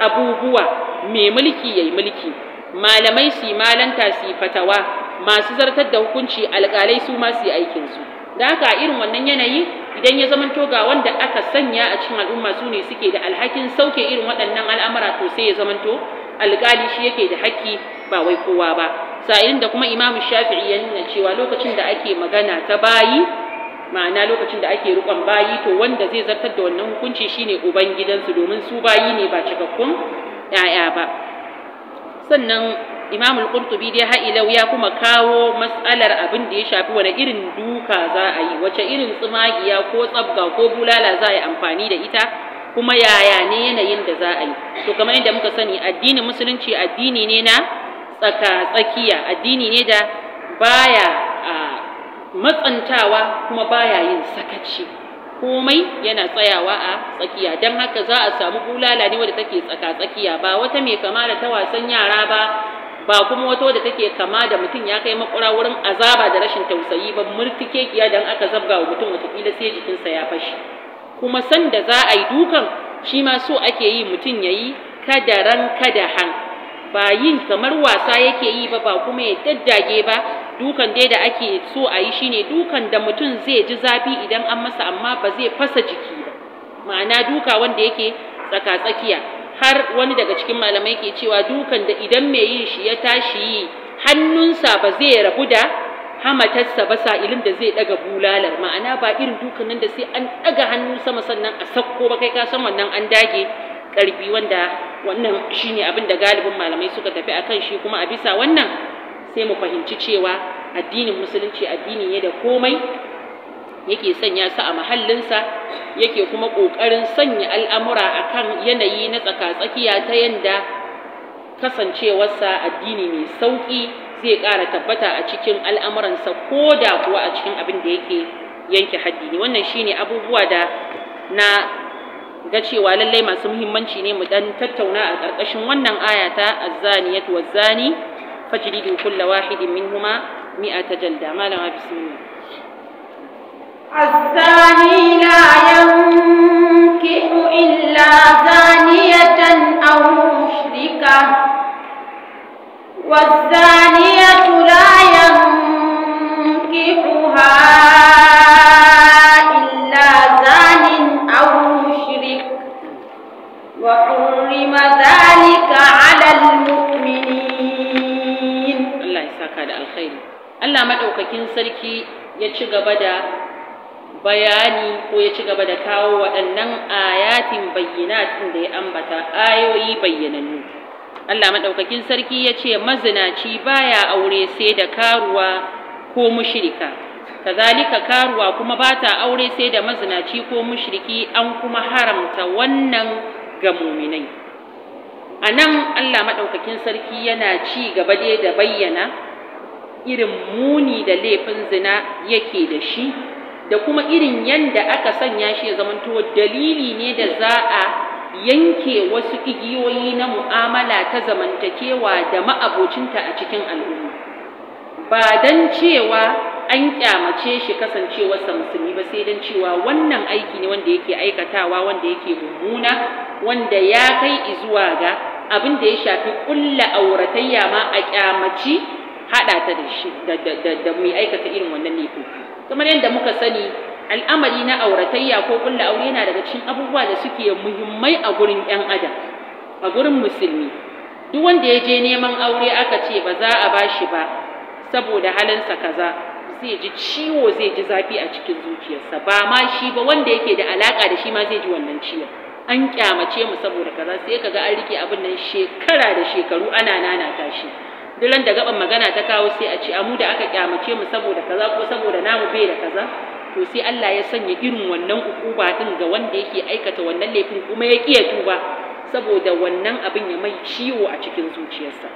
abubuwa mai mulki ya yi mulki malamai su malanta su fatawa masu zartar da hukunci alƙalai su ma su aikinsu. da haka irin wannan yanayi idan ya zama ga wanda aka sanya a cikin al'umma su ne suke da alhakin sauke irin waɗannan al'amura to sai ya zamanto alƙali shi yake da haƙƙi ba wai kowa ba sain da kuma imamu shafi'i ya nuna cewa lokacin da ake magana ta bayi ma'ana lokacin da ake rukon bayi to wanda zai zartar da wannan hukunci shine uban gidansu domin su bayi ne ba cikakkun ‘ya'ya ba sannan imam al-qurtubi dai ha'ilau ya kuma kawo matsalar abin da ya shafi wani irin duka za a yi wace irin tsumagiya ko tsabga ko bulala za a yi amfani da ita kuma yaya ne yanayin da za a yi to kamar yadda muka sani addinin musulunci addini ne na tsaka tsakiya addini ne da baya a matsantawa kuma baya yin sakaci komai yana tsayawa a tsakiya don haka za a samu bulala ne wadda take tsaka-tsakiya ba wata mai kama da ta wasan yara ba ba kuma wata wadda take kama da mutum ya kai makura wurin azaba da rashin tausayi ba murtikekiya don aka zabga wa mutum watakila sai jikinsa ya fashi kuma sanda za a yi dukan shi ma so ake yi mutum ya yi kadaran kadahan ba yin kamar wasa yake yi ba ba kuma ya daddage ba dukan dai da ake so a yi shine dukan da mutum zai ji zafi idan an masa amma ba zai fasa jiki ba ma'ana duka wanda yake tsaka tsakiya har wani daga cikin malamai ke cewa dukan da idan mai yin shi ya tashi yi hannunsa ba zai rabu da hamatarsa ba sa'ilin da zai daga bulalar ma'ana ba irin dukan nan da sai an daga hannu sama sannan a sakko ba kai ka san wannan an dage karfi wanda wannan shine abin da galibin malamai suka tafi a kan shi kuma a bisa wannan sai mu fahimci cewa addinin musulunci addini ne da komai yake sanya su a mahallinsa yake kuma ƙoƙarin sanya al'amura a kan yanayi na tsaka-tsakiya ta yadda kasancewarsa addini mai sauƙi zai ƙara tabbata a cikin al'amuransa ko da kuwa a cikin abin da yake yanke haddini ne wannan shine abubuwa da na ga cewa lallai masu muhimmanci ne mu dan tattauna a karkashin wannan aya ta azzaniyatu wazzani fajlidu kulla wahidin minhuma mi'ata jalda malama bismillah azani la yankihu illa zaniyatan aw mushrika والزانية la yankihuha Allah maɗaukakin sarki ya ci gaba da bayani ko ya ci gaba da kawo waɗannan ayatin bayyanatin da ya ambata ayoyi bayyanannu Allah maɗaukakin sarki ya ce mazinaci baya aure sai da karuwa ko mushrika kazalika karuwa kuma ba ta aure sai da mazinaci ko mushriki an kuma haramta wannan ga muminai a Allah maɗaukakin sarki yana ci gaba da bayyana irin muni da laifin zina yake da shi da kuma irin yanda aka sanya shi ya zamanto dalili ne da za a yanke wasu igiyoyi na mu'amala ta zamantakewa da ma'abocinta a cikin al'umma ba don cewa an kyamace shi kasancewarsa musulmi ba sai don cewa wannan aiki ne wanda yake aikatawa wanda yake mummuna wanda ya kai izuwa ga abin da ya shafi ƙulla auratayya ma a kyamaci haɗa ta da shi da mai aikata irin wannan laifin kamar yadda muka sani al'amari na auratayya ko kulla aure yana daga cikin abubuwa da suke muhimmai a gurin 'yan adam a gurin musulmi duk wanda ya je neman aure aka ce ba za a bashi ba saboda halinsa kaza zai ji ciwo zai ji zafi a cikin zuciyarsa ba ma shi ba wanda yake da alaka da shi ma zai ji wannan ciwon an kyamace mu saboda kaza sai kaga an rike abin nan shekara da shekaru ana nanata shi duk da gaban magana ta kawo sai a ce a mu da aka kyamace mu saboda kaza ko saboda namu bai da kaza to sai Allah ya sanya irin wannan ukuba din ga wanda yake aikata wannan laifin kuma ya kiya tuba saboda wannan abin ya mai ciwo a cikin zuciyarsa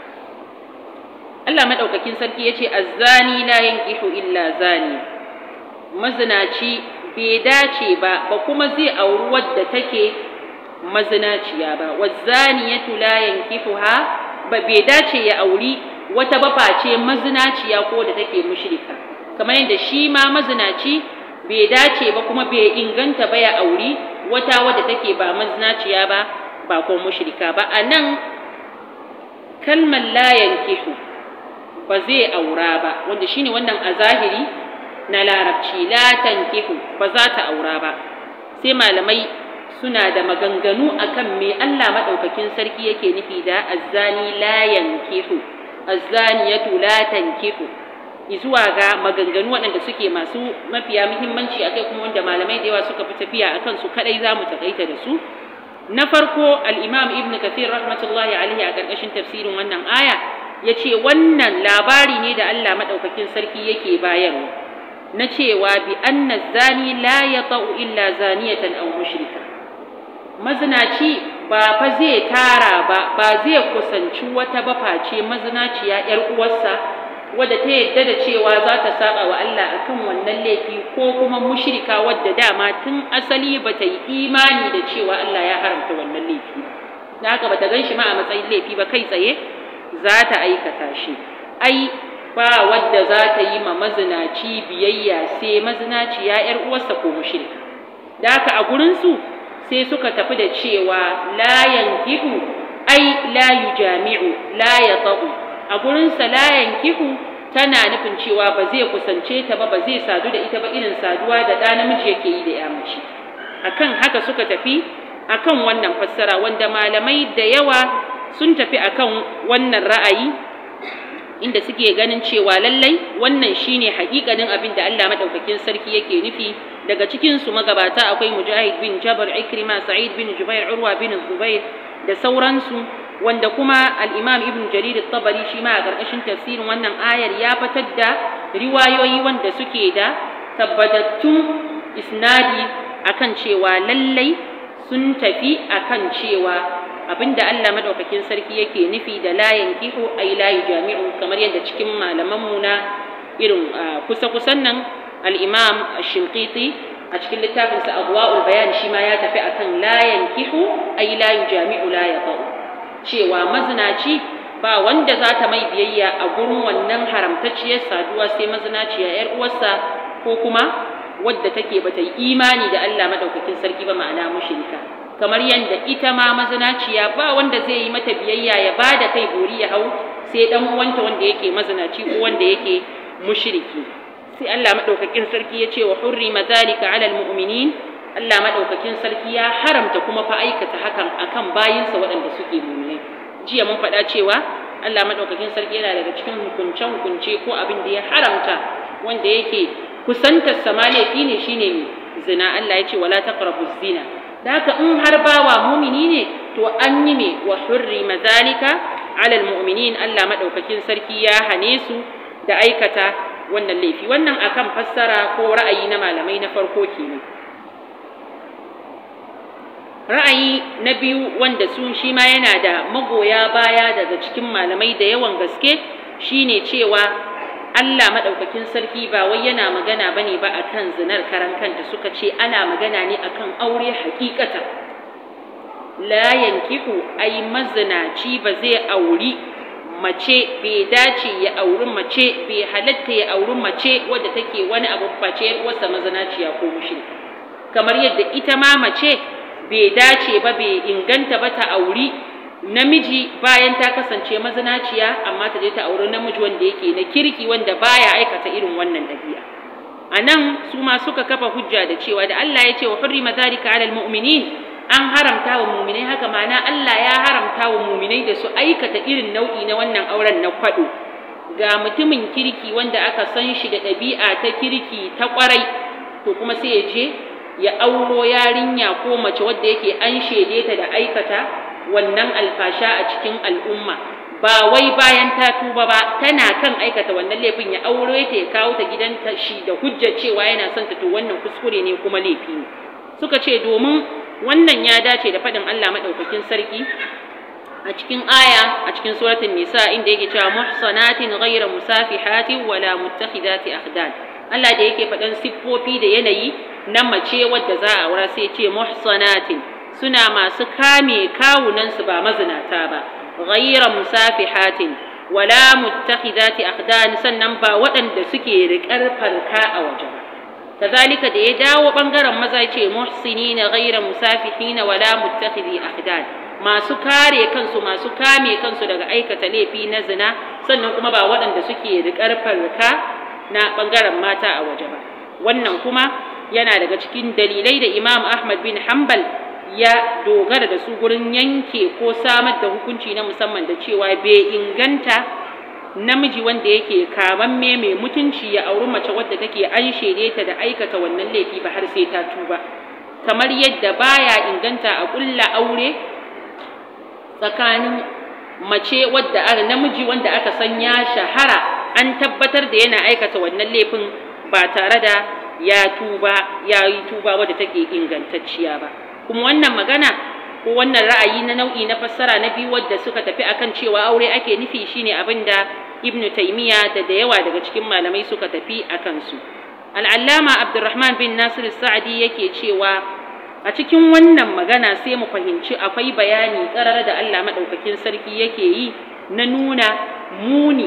Allah madaukakin sarki yace azzani la yankihu illa zani mazinaci bai dace ba ba kuma zai auri wadda take mazinaciya ba wazzani ya la yankifuha ba bai dace ya auri wata bafa ce mazinaciya ko da take mushrika kamar yadda shi ma mazinaci bai dace ba kuma bai inganta ba ya auri wata wadda take ba mazinaciya ba ba ko mushrika ba anan nan kalmar layan kihu ba zai aura ba wanda shine wannan a zahiri na larabci latan kihu ba za ta aura ba sai malamai suna da maganganu akan me Allah madaukakin sarki yake nufi da azzani layan kihu azzaniyatu la tankihu zuwa ga maganganu waɗanda suke masu mafiya muhimmanci akai kuma wanda malamai da yawa suka fi tafiya akan su kadai zamu takaita da su na farko al-imam ibn kathir rahmatullahi alaihi a karkashin tafsirin wannan aya ya ce wannan labari ne da Allah maɗaukakin sarki yake bayarwa na cewa bi anna zani la yata'u illa zaniyatan aw mushrika mazinaci ba fa zai tara ba ba zai kusanci wata ba face mazinaciya ‘yar uwarsa wadda ta yadda da cewa za ta saba wa Allah akan wannan laifi ko kuma mushrika wadda dama tun asali ba ta yi imani da cewa Allah ya haramta wannan laifi da haka ba ta gan shi ma a matsayin laifi ba kai tsaye za ta aikata shi ai ba wadda za ta yi ma mazinaci biyayya sai mazinaciya ‘yar uwarsa ko mushrika da haka a gurin su? sai suka tafi da cewa la yankihu ai la yujami'u la yatahu a gurinsa la yankihu tana nufin cewa ba zai kusance ta ba ba zai sadu da ita ba irin saduwa da ɗa namiji yake yi da ya mace akan haka suka tafi akan wannan fassara wanda malamai da yawa sun tafi akan wannan ra'ayi inda suke ganin cewa lallai wannan shine haƙiƙanin abin da Allah madaukakin sarki yake nufi daga cikin su magabata akwai mujahid bin jabar ikrima sa'id bin jubair urwa bin zubair da sauransu wanda kuma al-imam ibn jarir at-tabari shi ma a ƙarƙashin tafsirin wannan ayar ya fitar da riwayoyi wanda suke da tabbatattun isnadi akan cewa lallai sun tafi akan cewa abinda Allah madaukakin sarki yake nufi da la yankihu ai layi jami'u kamar yadda cikin malaman mu na irin ah, kusa-kusan nan al-imam ash a cikin littafinsa agwa'ul bayan shi ma ya tafi akan la a yi layu jamiu la yaqau cewa mazinaci ba wanda za ta mai biyayya a gurin wannan haramtacciyar saduwa sai mazinaciya yar uwarsa ko kuma wadda take bata yi imani da Allah madaukakin sarki ba ma'ana mushrika kamar yadda ita ma mazinaciya ba wanda zai yi mata biyayya ya bada kai gori ya hau sai dan uwanta wanda yake mazinaci ko wanda yake mushriki sai Allah maɗaukakin sarki ya ce wa hurri zalika alal mu'minin Allah maɗaukakin sarki ya haramta kuma fa aikata hakan akan bayinsa waɗanda suke mu'minai jiya mun faɗa cewa Allah maɗaukakin sarki yana daga cikin hukuncen hukunce ko abin da ya haramta wanda yake kusantar sama laifi ne shine zina Allah ya ce wala taqrabu zina da haka in har bawa mumini ne to an yi ne wa hurri zalika alal mu'minin Allah maɗaukakin sarki ya hane su da aikata wannan laifi wannan akan fassara ko ra'ayi na malamai na farko kenan ra'ayi na biyu wanda su shi ma yana da magoya baya daga cikin malamai da yawan gaske shine cewa Allah maɗaukakin sarki ba wai yana magana bane ba akan zinar karan kanta suka ce ana magana ne akan aure hakikata la yankiku, ai mazinaci ba zai auri mace bai dace ya auri mace bai halatta ya auri mace wadda take wani abu face yar uwarsa mazanaciya ko mushrika kamar yadda ita ma mace bai dace ba bai inganta ba ta auri namiji bayan ta kasance mazanaciya amma ta je ta auri namiji wanda yake na kirki wanda baya aikata irin wannan dabi'a anan su ma suka kafa hujja da cewa da Allah ya ce wa maza mazalika alal mu'minin an haramta wa muminai haka mana Allah ya haramta wa muminai da su aikata irin nau'i na wannan auren na kwaɗo ga mutumin kirki wanda aka san shi da ɗabi'a ta kirki ta ƙwarai to kuma sai ya je ya auro yarinya ko mace wadda yake an shede ta da aikata wannan alfasha a cikin al'umma ba wai bayan ta tuba ba tana kan aikata wannan laifin ya auro ta ya kawo ta gidan ta shi da hujjar cewa yana son ta to wannan kuskure ne kuma laifi ne suka ce domin wannan ya dace da faɗin Allah maɗaukakin sarki a cikin aya a cikin suratun nisa inda yake cewa muhsanatin ghayra musafihati wala muttakhidati akhdan Allah da yake faɗan siffofi da yanayi na mace wadda za a aura sai ce muhsanatin suna masu kame kawunansu ba mazinata ba ghayra musafihatin wala muttakhidati akhdan sannan ba waɗanda suke riƙar farka a wajen kazalika da ya dawo ɓangaren maza ce na muhsinina ghayra na wala muttakhidhi ahdan masu kare kansu masu kame kansu daga aikata laifi na zina sannan kuma ba waɗanda suke riƙar na ɓangaren mata a waje ba wannan kuma yana daga cikin dalilai da Imam Ahmad bin Hambal ya dogara da su gurin yanke ko samar da hukunci na musamman da cewa bai inganta namiji wanda yake kamamme mai mutunci ya auri mace wadda take an shede ta da aikata wannan laifi ba har sai ta tuba kamar yadda baya inganta a kulla aure tsakanin mace wadda namiji wanda aka san ya shahara an tabbatar da yana aikata wannan laifin ba tare da ya tuba ya yi tuba wadda take ingantacciya ba kuma wannan magana ko wannan ra'ayi na nau'i na fassara na biyu wadda suka tafi akan cewa aure ake nufi shine abin da ibn taymiya da da yawa daga cikin malamai suka tafi a kansu al'allama abdurrahman bin nasir sa'adi yake cewa a cikin wannan magana sai mu fahimci akwai bayani tsarar da allah maɗaukakin sarki yake yi na nuna muni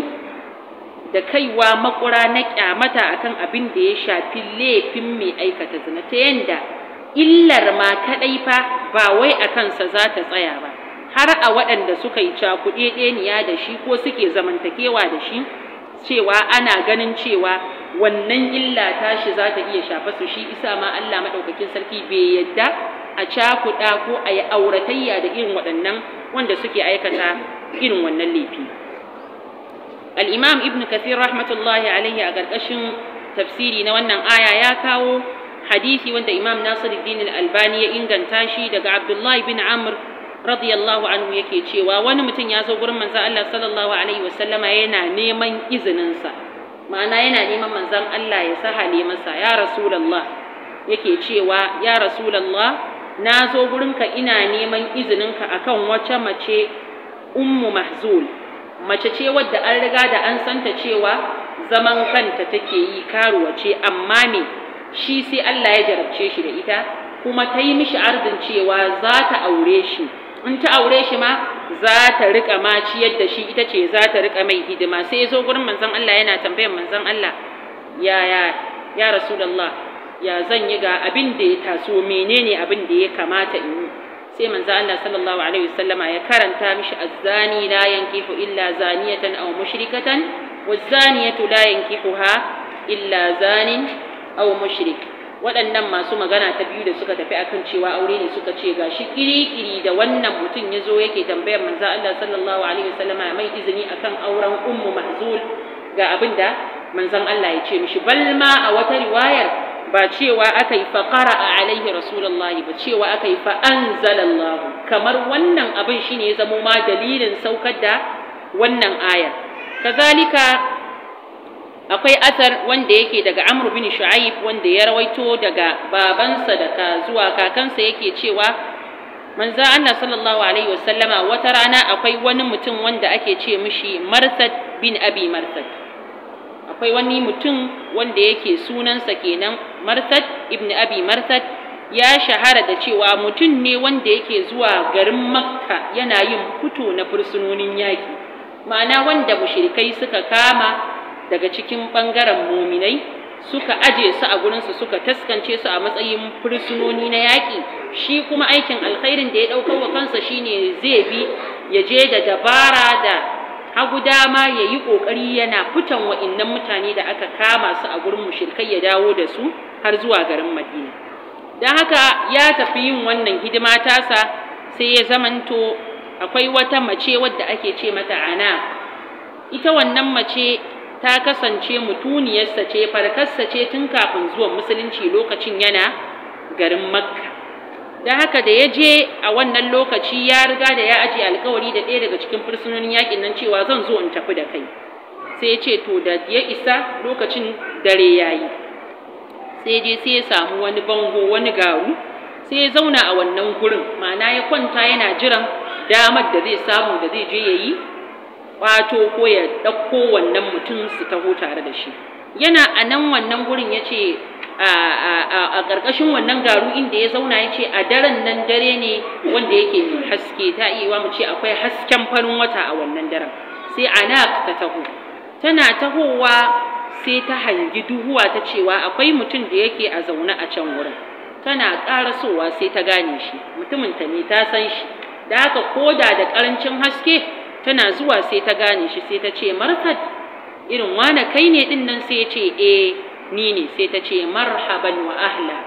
da kaiwa makura na kyamata akan abin da ya shafi laifin mai aikata zina ta yanda illar ma kaɗai fa ba wai a kansa za ta tsaya ba har a waɗanda suka yi cakuɗeɗeniya da shi ko suke zamantakewa da shi cewa ana ganin cewa wannan illa shi za ta iya shafa su shi isa ma Allah maɗaukakin sarki bai yadda a cakuɗa ko a yi auratayya da irin waɗannan wanda suke aikata irin wannan laifi. Al'imam Ibn Kathir rahmatullahi alaihi a ƙarƙashin tafsiri na wannan aya ya kawo hadisi wanda Imam Nasiruddin Al-Albani ya inganta shi daga Abdullahi bin Amr radiyallahu anhu yake cewa wani mutum ya zo gurin manzon Allah sallallahu alaihi wasallama yana neman izinin sa ma'ana yana neman manzon Allah ya saha ne masa ya rasulullah yake cewa ya rasulullah na zo gurin ka ina neman izininka akan wace mace ummu mahzul mace ce wadda an riga da an santa cewa zaman kanta take yi karuwa ce amma me shi sai Allah ya jarabce shi da ita kuma ta yi mishi ardin cewa za ta aure shi in ta aure shi ma za ta rika ma ciyar da shi ita ce za ta rika mai hidima sai yazo gurin manzon Allah yana tambayar manzon Allah ya ya ya rasulullah ya zan yi ga abin da ya taso menene abin da ya kamata in yi sai manzon Allah sallallahu alaihi wasallama ya karanta mishi azzani la yankifu illa zaniyatan aw mushrikatan wazaniyatu la yankifuha illa zanin aw mushrik waɗannan masu magana ta biyu da suka tafi akan cewa aure ne suka ce gashi kiri-kiri da wannan mutum ya zo yake tambayar manza Allah sallallahu alaihi wasallama mai izini akan auren ummu mahzul ga abin da manzon Allah ya ce mishi bal ma a wata riwayar ba cewa aka yi fa a alaihi rasulullahi ba cewa aka yi fa anzalallahu kamar wannan abin shine ya zamo ma dalilin saukar da wannan ayar kazalika akwai athar wanda yake daga amr bin shu'aib wanda ya rawaito daga babansa daga zuwa kakansa yake cewa manzo Allah sallallahu alaihi wasallama wata rana akwai wani mutum wanda ake ce mishi marsad bin abi marsad akwai wani mutum wanda yake sunansa kenan marsad ibn abi marsad ya shahara da cewa mutum ne wanda yake zuwa garin makka yana yin fito na fursunonin yaki, ma'ana wanda mushrikai suka kama daga cikin ɓangaren muminai suka aje su a gurinsu suka taskance su a matsayin fursunoni na yaƙi shi kuma aikin alkhairin da ya ɗaukar wa kansa shine zai bi ya je da dabara da hagu dama ya yi ƙoƙari yana fitan wa'innan mutane da aka kama su a gurin mushirkai ya dawo da su har zuwa garin madina don haka ya tafi yin wannan hidima tasa sai ya zamanto akwai wata mace wadda ake ce mata ana ita wannan mace ta kasance mutuniyarsa ce farkarsa ce tun kafin zuwan musulunci lokacin yana garin makka da haka da ya je a wannan lokaci ya riga da ya ajiye alkawari da ɗaya daga cikin fursunonin yakin nan cewa zan zo in tafi da kai sai ce to da ya isa lokacin dare ya yi sai je sai ya samu wani bango wani garu sai ya zauna a wannan gurin ma'ana ya kwanta yana jiran damar da zai samu da zai je ya yi kwato ko ya ɗauko wannan mutum su taho tare da shi yana a nan wannan gurin ya ce a ƙarƙashin wannan garu inda ya zauna ya ce a daren nan dare ne wanda yake mai haske ta iya mu ce akwai hasken farin wata a wannan daren sai ana ta taho tana tahowa sai ta hangi duhuwa ta cewa akwai mutum da yake a zaune a can wurin tana ƙara sowa sai ta gane shi mutumin ta ne ta san shi da haka koda da ƙarancin haske tana zuwa sai ta gane shi sai ta ce marhad irin wane kai ne din nan sai ya ce eh ni ne sai ta ce marhaban wa ahla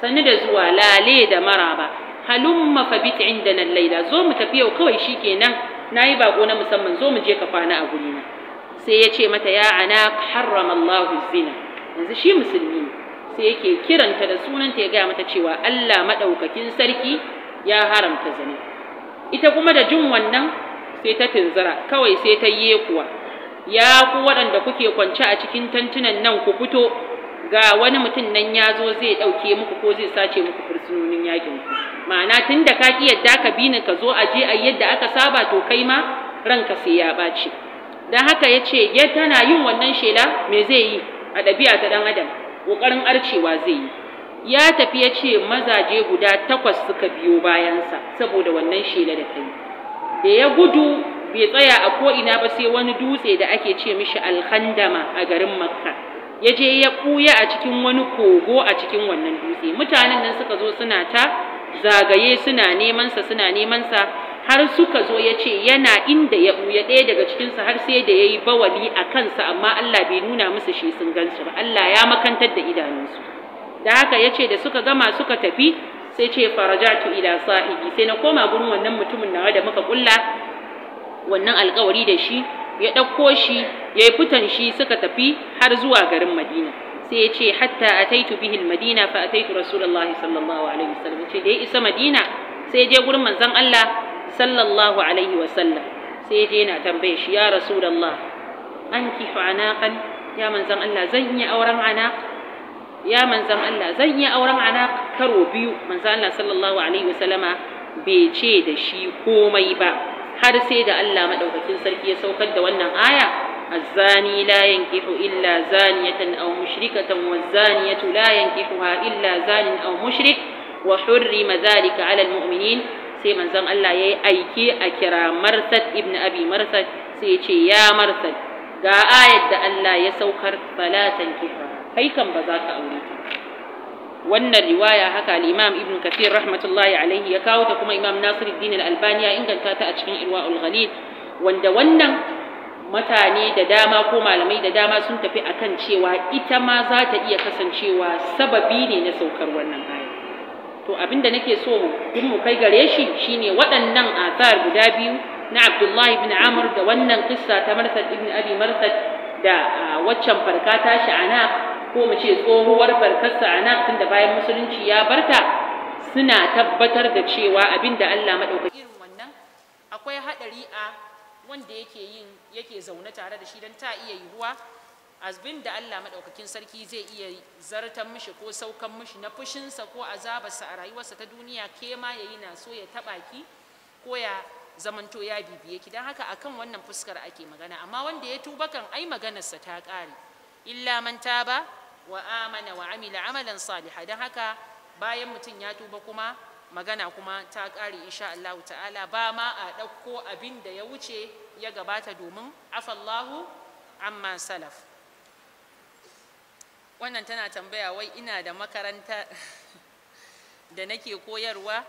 sannu da zuwa lale da maraba halumma fa bit indana laila zo mu tafi yau kawai shikenan nayi bako na musamman zo mu je ka kwana a guri na sai ya ce mata ya ana harrama Allah zina yanzu shi musulmi sai yake kiranta da sunanta ya gaya mata cewa Allah madaukakin sarki ya haramta zina ita kuma da jin wannan sai ta tinzara kawai sai ta yi kuwa ya ku waɗanda kuke kwance a cikin tantunan nan ku fito ga wani mutum nan ya zo zai ɗauke muku ko zai sace muku fursunonin yakin ku ma'ana tun da ka ƙi yadda ka bi ni ka zo a je a yadda aka saba to kai ma ranka sai ya ɓaci don haka ya ce ya tana yin wannan shela me zai yi a ɗabi'a ta ɗan adam ƙoƙarin arcewa zai yi ya tafi ya ce mazaje guda takwas suka biyo bayansa saboda wannan shela da ta yi da ya gudu bai tsaya a ko'ina ba sai wani dutse da ake ce mishi alhandama a garin makka ya je ya ɓuya a cikin wani kogo a cikin wannan dutse mutanen nan suka zo suna ta zagaye suna nemansa suna nemansa har suka zo ya ce yana inda ya ɓuya ɗaya daga cikinsu har sai da ya yi bawali a kansa amma Allah bai nuna musu shi sun gansu ba Allah ya makantar da idanunsu da haka ya ce da suka gama suka tafi sai ce farajatu ila sahibi sai na koma gurin wannan mutumin nawa da muka kulla wannan alƙawari da shi ya dauko shi yayi fitan shi suka tafi har zuwa garin madina sai ya ce hatta ataitu bihi madina fa ataitu rasulullahi sallallahu alaihi wasallam sai dai isa madina sai je gurin manzon Allah sallallahu alaihi wasallam sai je yana tambaye shi ya rasulullah anki anaqan ya manzon Allah zan yi auren anaq يا من زم الله زي أورم عنا كروبيو من زال الله صلى الله عليه وسلم بيجيد شيء كوما يبا هذا سيد الله ما لو كنت سرك يسوق الدولنا آية الزاني لا ينكح إلا زانية أو مشركة والزانية لا ينكحها إلا زان أو مشرك وحرم ذلك على المؤمنين سي من زم الله يا أيكي أكرا مرثد ابن أبي مرثد سي يا مرثد قا آية الله يسوق فلا تنكحها kai kan ba za ka aure ta wannan riwaya haka al-Imam Ibn Kathir rahmatullahi alaihi ya kawo ta kuma Imam nasir al-Albani ya inganta ta a cikin Irwaul Ghalid wanda wannan mutane da dama ko malamai da dama sun tafi akan cewa ita ma za ta iya kasancewa sababi ne na saukar wannan aya to abinda nake so duk mu kai gare shi shine waɗannan athar guda biyu na Abdullahi ibn Amr da wannan kissa ta Marsad ibn Abi Marsad da ah, waccan farka ta sha'ana ko mu ce tsohuwar farkarsa a nan da bayan musulunci ya barta suna tabbatar da cewa abin da Allah maɗaukaki irin wannan akwai haɗari a wanda yake yin yake zaune tare da shi don ta iya yiwuwa azbin da Allah maɗaukakin sarki zai iya zartan mishi ko saukan mishi na fushinsa ko azabarsa a rayuwarsa ta duniya ke ma ya yi na so ya taɓa ki ko ya zamanto ya bibiye ki don haka akan wannan fuskar ake magana amma wanda ya tuba kan ai maganarsa ta ƙare illa man taba wa amana wa amila amalan saliha don haka bayan mutum ya tuba kuma magana kuma ta ƙare insha Allah ta'ala ba ma a ɗauko abin da ya wuce ya gabata domin afallahu amma salaf wannan tana tambaya wai ina da makaranta da nake koyarwa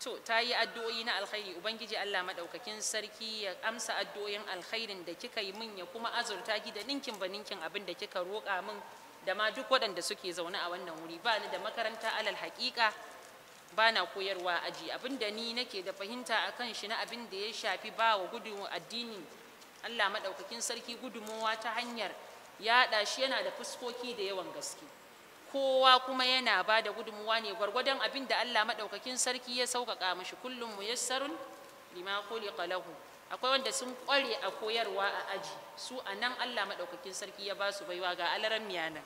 to ta yi addu'o'i na alkhairi ubangiji Allah madaukakin sarki ya amsa addu'o'in alkhairin da kika yi min ya kuma azurta ki da ninkin ba ninkin abin da kika roƙa min da ma duk waɗanda suke zaune a wannan wuri ba ni da makaranta alal haƙiƙa ba na koyarwa aji abin da ni nake da fahimta a kan shi na abin da ya shafi ba wa gudun addini Allah maɗaukakin sarki gudumowa ta hanyar yaɗa shi yana da fuskoki da yawan gaske kowa kuma yana ba da gudunmuwa ne gwargwadon abin da Allah maɗaukakin sarki ya sauƙaƙa mashi kullum muyassarun lima khuliqa akwai wanda sun ƙware a koyarwa a aji su a Allah maɗaukakin sarki ya ba su baiwa ga alaran miyana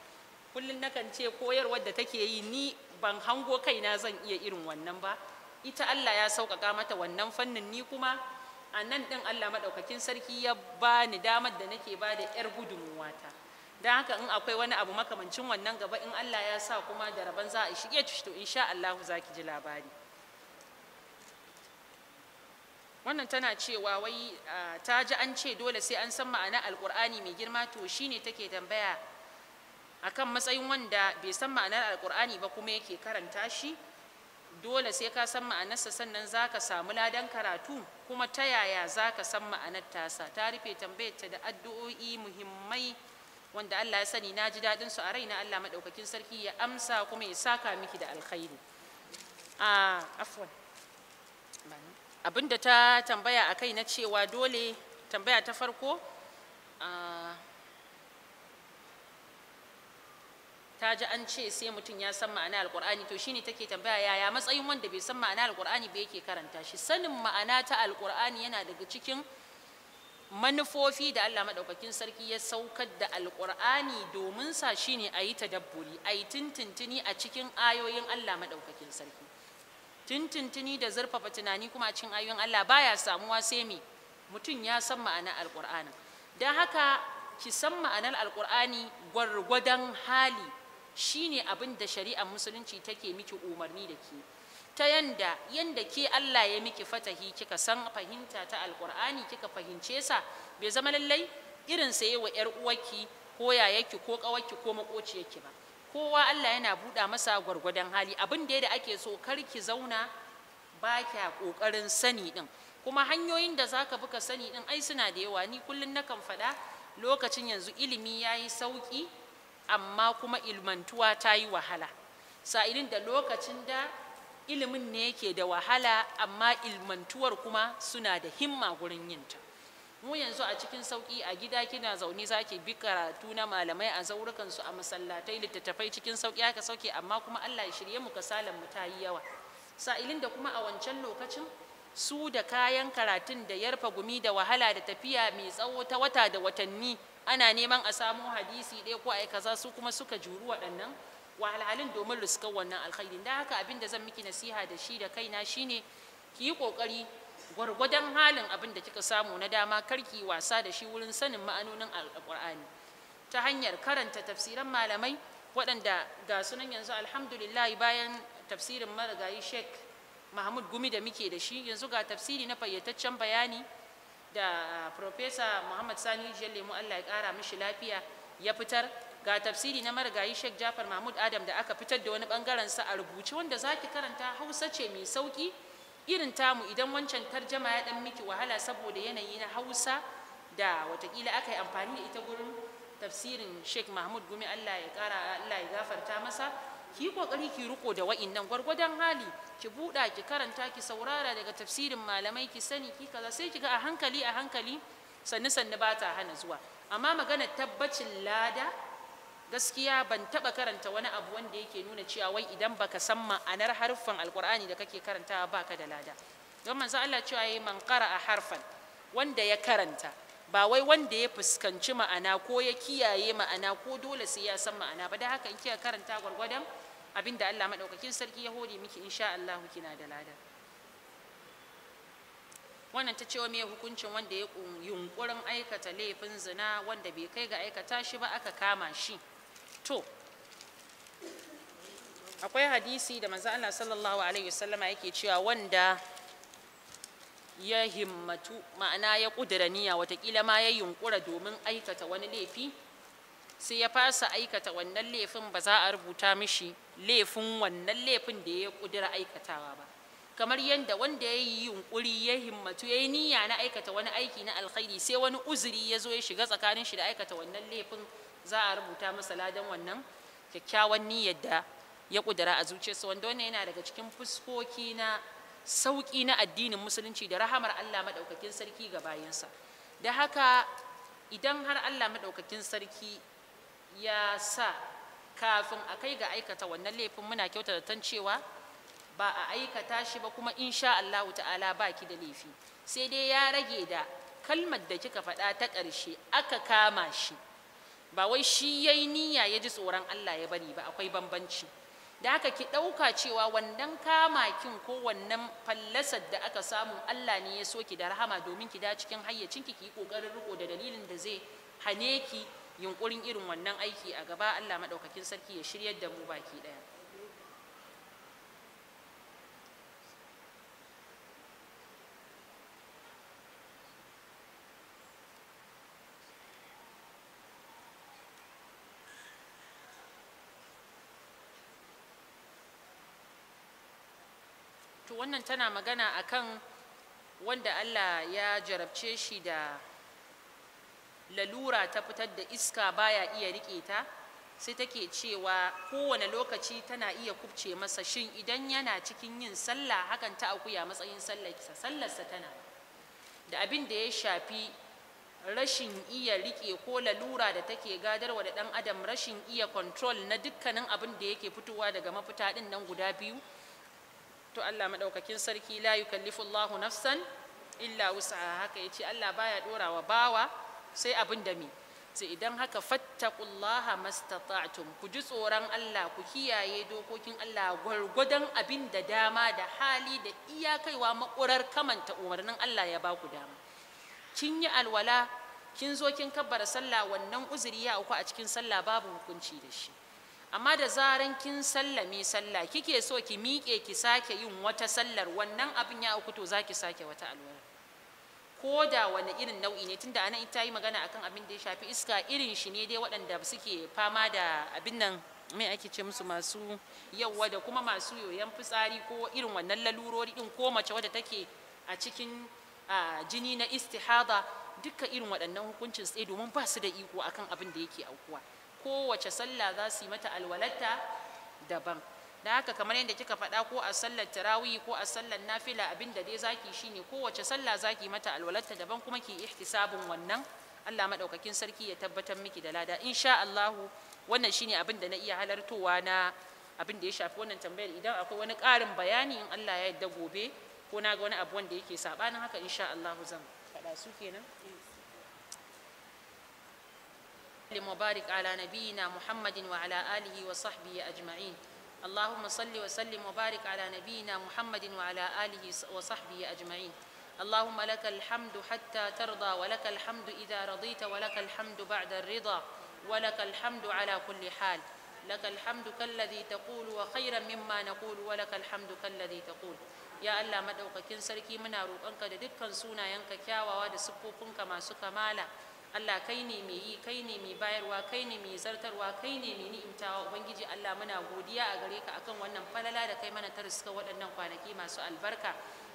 kullum nakan ce koyarwar da take yi ni ban hango kaina zan iya irin wannan ba ita Allah ya sauƙaƙa mata wannan fannin ni kuma a nan ɗin Allah maɗaukakin sarki ya ba ni damar da nake ba da 'yar gudunmuwata don haka in akwai wani abu makamancin wannan gaba in Allah ya sa kuma da rabon za a shige to insha Allah za ki ji labari wannan tana cewa wai ta ji an ce dole sai an san ma'ana alkur'ani mai girma to shine take tambaya akan matsayin wanda bai san ma'anar alkur'ani ba kuma yake karanta shi dole sai ka san ma'anarsa sannan za ka samu ladan karatu kuma ta yaya za ka san ma'anar tasa ta rufe tambayarta da addu'o'i muhimmai wanda Allah ya sani na ji daɗin su a raina Allah maɗaukakin sarki ya amsa kuma ya saka miki da alkhairi a ah, afwan abinda ta tambaya a kai na cewa dole tambaya ta farko ah, ta ji an ce sai mutum ya san ma'ana alkur'ani to shine take tambaya yaya matsayin wanda bai san ma'ana alkur'ani ba yake karanta shi sanin ma'ana ta alkur'ani yana daga cikin manufofi da Allah maɗaukakin sarki ya saukar da alƙur'ani domin sa shine a yi tadabburi a yi tintintini a cikin ayoyin Allah maɗaukakin sarki tintintini da zurfafa tunani kuma a cikin ayoyin Allah baya samuwa sai me mutum ya san ma'anar Alƙur'ani don haka ki san ma'anar alƙur'ani gwargwadon hali shine abin da shari'ar musulunci take miki umarni da ke ta yanda yanda ke Allah ya miki fatahi kika san fahimta ta alkur'ani kika fahimce sa bai zama lallai irin sa wa yar uwarki ko yayarki ko kawarki ko makociyarki ba kowa Allah yana buɗa masa gwargwadon hali abin da ake so kar ki zauna ba kya ƙoƙarin sani ɗin kuma hanyoyin da zaka bi ka sani din ai suna da yawa ni kullum nakan faɗa lokacin yanzu ilimi ya yi sauƙi amma kuma ilmantuwa ta yi wahala sa'ilin da lokacin da ilimin ne yake da wahala amma ilmantuwar kuma suna da himma gurin yinta mu yanzu a cikin sauki a gida kina zaune zaki bi karatu na malamai a zaurukan su a masallatai littattafai cikin sauki aka sauke amma kuma Allah ya shirye mu ka salan mu ta yi yawa sa'ilin da kuma a wancan lokacin su da kayan karatun da yarfa gumi da wahala da tafiya mai tsawo ta wata da watanni ana neman a samu hadisi ɗaya ko ai kaza su kuma suka juru waɗannan wahalhalun domin riskar wannan alkhairin da haka abin da zan miki nasiha da shi da kaina shine ki yi kokari gwargwadon halin abin da kika samu na dama karki wasa da shi wurin sanin ma'anonin alqur'ani ta hanyar karanta tafsiran malamai waɗanda ga sunan yanzu alhamdulillah bayan tafsirin marigayi sheikh mahmud gumi da muke da shi yanzu ga tafsiri na fayyataccen bayani da profesa muhammad sani jiyar lemu allah ya kara mishi lafiya ya fitar ga tafsiri na marigayi Sheikh Jafar Mahmud Adam da aka fitar da wani bangaren sa a rubuce wanda zaki karanta Hausa ce mai sauki irin tamu idan wancan tarjama ya dan miki wahala saboda yanayi na Hausa da watakila aka yi amfani da ita gurin tafsirin Sheikh Mahmud Gumi Allah ya kara Allah ya gafarta masa ki kokari ki riko da wa'innan gwargwadon hali ki buɗa ki karanta ki saurara daga tafsirin malamai ki sani ki kaza sai ki ga a hankali a hankali sannu sannu ba ta hana zuwa amma magana tabbacin lada gaskiya ban taba karanta wani abu wanda yake nuna cewa wai idan baka san ma'anar harfan alkur'ani da kake karanta baka da lada don manzo Allah cewa yayi man a harfan wanda ya karanta ba wai wanda ya fuskanci ma'ana ko ya kiyaye ma'ana ko dole sai ya san ma'ana ba da haka in kika karanta gwargwadon abinda Allah madaukakin sarki ya hore miki insha Allah kina da lada wannan ta cewa mai hukuncin wanda ya yunkurin aikata laifin zina wanda bai kai ga aikata shi ba aka kama shi to akwai hadisi da manzo Allah sallallahu alaihi wasallama yake cewa wanda ya himmatu ma'ana ya ƙudura niyya watakila ma ya yunkura domin aikata wani laifi sai ya fasa aikata wannan laifin ba za a rubuta mishi laifin wannan laifin da ya ƙudura aikatawa ba kamar yadda wanda ya yi yunkuri ya himmatu ya yi niyya na aikata wani aiki na alkhairi sai wani uzuri ya zo ya shiga tsakanin shi da aikata wannan laifin za a rubuta masa ladan wannan kyakkyawan niyyar da ya kudura a zuciyarsa wanda wannan yana daga cikin fuskoki na sauƙi na addinin musulunci da rahamar Allah maɗaukakin sarki ga bayansa da haka idan har Allah maɗaukakin sarki ya sa kafin a kai ga aikata wannan laifin muna kyauta da cewa ba a aikata shi ba kuma insha Allah ta'ala ba ki da laifi sai dai ya rage da kalmar da kika faɗa ta ƙarshe aka kama shi ba wai shi yayi niyya ya ji tsoron Allah ya bari ba akwai bambanci da haka ki ɗauka cewa wannan kamakin ko wannan fallasar da aka samu Allah ne ya so ki da rahama domin ki da cikin hayyacinki ki yi ƙoƙarin riko da dalilin da zai hane ki yunƙurin irin wannan aiki a gaba Allah maɗaukakin sarki ya shiryar da mu baki ɗaya wannan tana magana akan wanda Allah ya jarabce shi da lalura ta fitar da iska baya iya riƙe ta sai take cewa kowane lokaci tana iya kubce masa shin idan yana cikin yin sallah hakan ta akuya matsayin sallarsa sallarsa tana da abin da ya shafi rashin iya rike ko lalura da take gadarwa da dan adam rashin iya control na dukkanin abin da yake fitowa daga mafita din nan guda biyu to Allah madaukakin sarki la yukallifu Allahu nafsan illa wus'aha haka yace Allah baya dorawa bawa sai abin da mi sai idan haka fattaqullaha mastata'tum ku ji tsoron Allah ku kiyaye dokokin Allah gwargwadon abin da dama da hali da iyakaiwa makurar kamanta umarnin Allah ya ba ku dama kin yi alwala kin zo kin kabbara sallah wannan uzuri ya a cikin sallah babu hukunci da shi amma da zaran kin sallami sallah kike so ki miƙe ki sake yin wata sallar wannan abin ya uku to zaki sake wata alwala ko da wani irin nau'i ne tunda anan ita yi magana akan abin da ya shafi iska irin shi ne dai waɗanda suke fama da abin nan mai ake ce musu masu yawa da kuma masu yoyon fitsari ko irin wannan lalurori din ko mace wadda take a cikin jini na istihada duka irin waɗannan hukuncin tsaye domin ba su da iko akan abin da yake aukuwa kowace sallah za su yi mata alwalatta daban da haka kamar yadda kika faɗa ko a sallar tarawih ko a sallar nafila abin da dai zaki shine kowace sallah zaki mata alwalata daban kuma ki ihtisabun wannan Allah madaukakin sarki ya tabbatar miki da lada insha Allah wannan shine abin da na iya halartowa na abin da ya shafi wannan tambayar idan akwai wani ƙarin bayani in Allah ya yarda gobe ko na ga wani abu wanda yake sabanin haka insha Allah zan faɗa su kenan وسلم وبارك على نبينا محمد وعلى آله وصحبه أجمعين اللهم صل وسلم وبارك على نبينا محمد وعلى آله وصحبه أجمعين اللهم لك الحمد حتى ترضى ولك الحمد إذا رضيت ولك الحمد بعد الرضا ولك الحمد على كل حال لك الحمد كالذي تقول وخيرا مما نقول ولك الحمد كالذي تقول ya Allah madaukakin sarki muna roƙonka da dukkan sunayenka kyawawa da siffofinka masu kamala Allah kai ne mai yi kai ne mai bayarwa kai ne mai zartarwa kai ne mai ni'imtawa ubangiji Allah muna godiya a gare ka akan wannan falala da kai mana ta riska waɗannan kwanaki masu albarka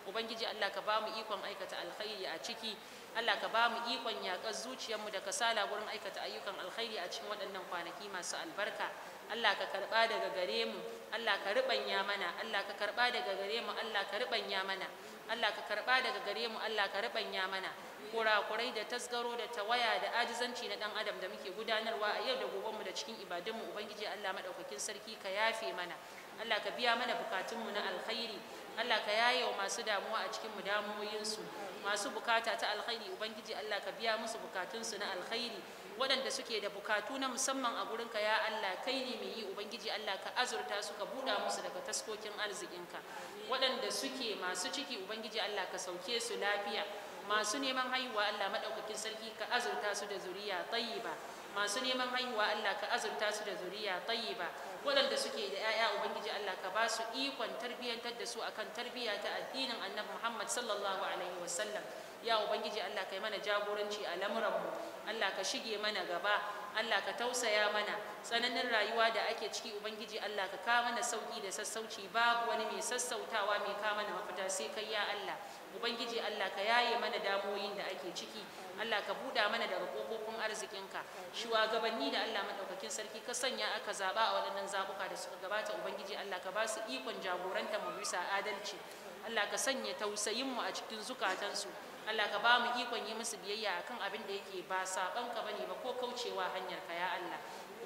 ubangiji Allah ka ba mu ikon aikata alkhairi a ciki Allah ka ba mu ikon yaƙar zuciyarmu da kasala gurin aikata ayyukan alkhairi a cikin waɗannan kwanaki masu albarka Allah ka karɓa daga gare mu Allah ka riɓanya mana Allah ka karɓa daga gare mu Allah ka riɓanya mana Allah ka karɓa daga gare mu Allah ka riɓanya mana kurakurai da tasgaro da tawaya da ajizanci na dan adam da muke gudanarwa a yau da gobenmu da cikin ibadunmu ubangiji Allah madaukakin sarki ka yafe mana Allah ka biya mana bukatunmu na alkhairi Allah ka yaye wa masu damuwa a cikin mu damuwoyinsu masu bukata ta alkhairi ubangiji Allah ka biya musu bukatunsu na alkhairi waɗanda suke da bukatu na musamman a gurinka ya Allah kai ne mai yi ubangiji Allah ka azurta su ka buɗa musu daga taskokin arzikin ka waɗanda suke masu ciki ubangiji Allah ka sauke su lafiya masu neman haihuwa Allah madaukakin sarki ka azurta su da zuriya tayyiba masu neman haihuwa Allah ka azurta su da zuriya tayyiba waɗanda suke da 'ya'ya ubangiji Allah ka ba su ikon tarbiyyantar da su akan tarbiyya ta addinin annabi Muhammad sallallahu alaihi wasallam ya ubangiji Allah kai mana jagoranci a lamuran mu. Allah ka shige mana gaba Allah ka tausaya mana tsananin rayuwa da ake ciki ubangiji Allah ka kawo mana sauki da sassauci babu wani mai sassautawa mai kawo mana mafita sai kai ya Allah ubangiji Allah ka yaye mana damoyin da ake ciki Allah ka buɗa mana daga kofofin arzikinka shugabanni da Allah madaukakin sarki ka sanya aka zaba a wadannan zabuka da suka gabata ubangiji Allah ka ba su ikon jagoranta mu bisa adalci Allah ka sanya tausayin mu a cikin zukatansu Allah ka ba mu ikon yi musu biyayya akan abin da yake ba ka bane ba ko kaucewa hanyar ka ya Allah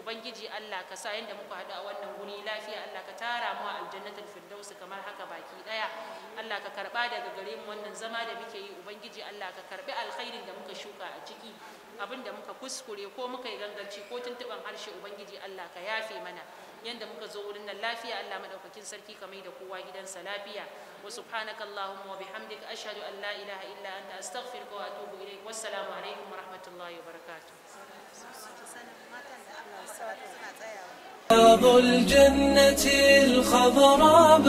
ubangiji Allah ka sa yanda muka haɗu a wannan guri lafiya Allah ka tara mu a aljannatul firdaus kamar haka baki daya Allah ka karba daga gare mu wannan zama da muke yi ubangiji Allah ka karbi alkhairin da muka shuka a ciki abin da muka kuskure ko muka yi ganganci ko tuntuban harshe ubangiji Allah ka yafe mana yanda muka zo wurin nan lafiya Allah madaukakin sarki kamar da kowa gidansa lafiya wa subhanaka allahumma wa bihamdika ashhadu an la ilaha illa anta astaghfiruka wa atubu ilaik wassalamu alaikum wa rahmatullahi wa barakatuh باب الجنة الخضراء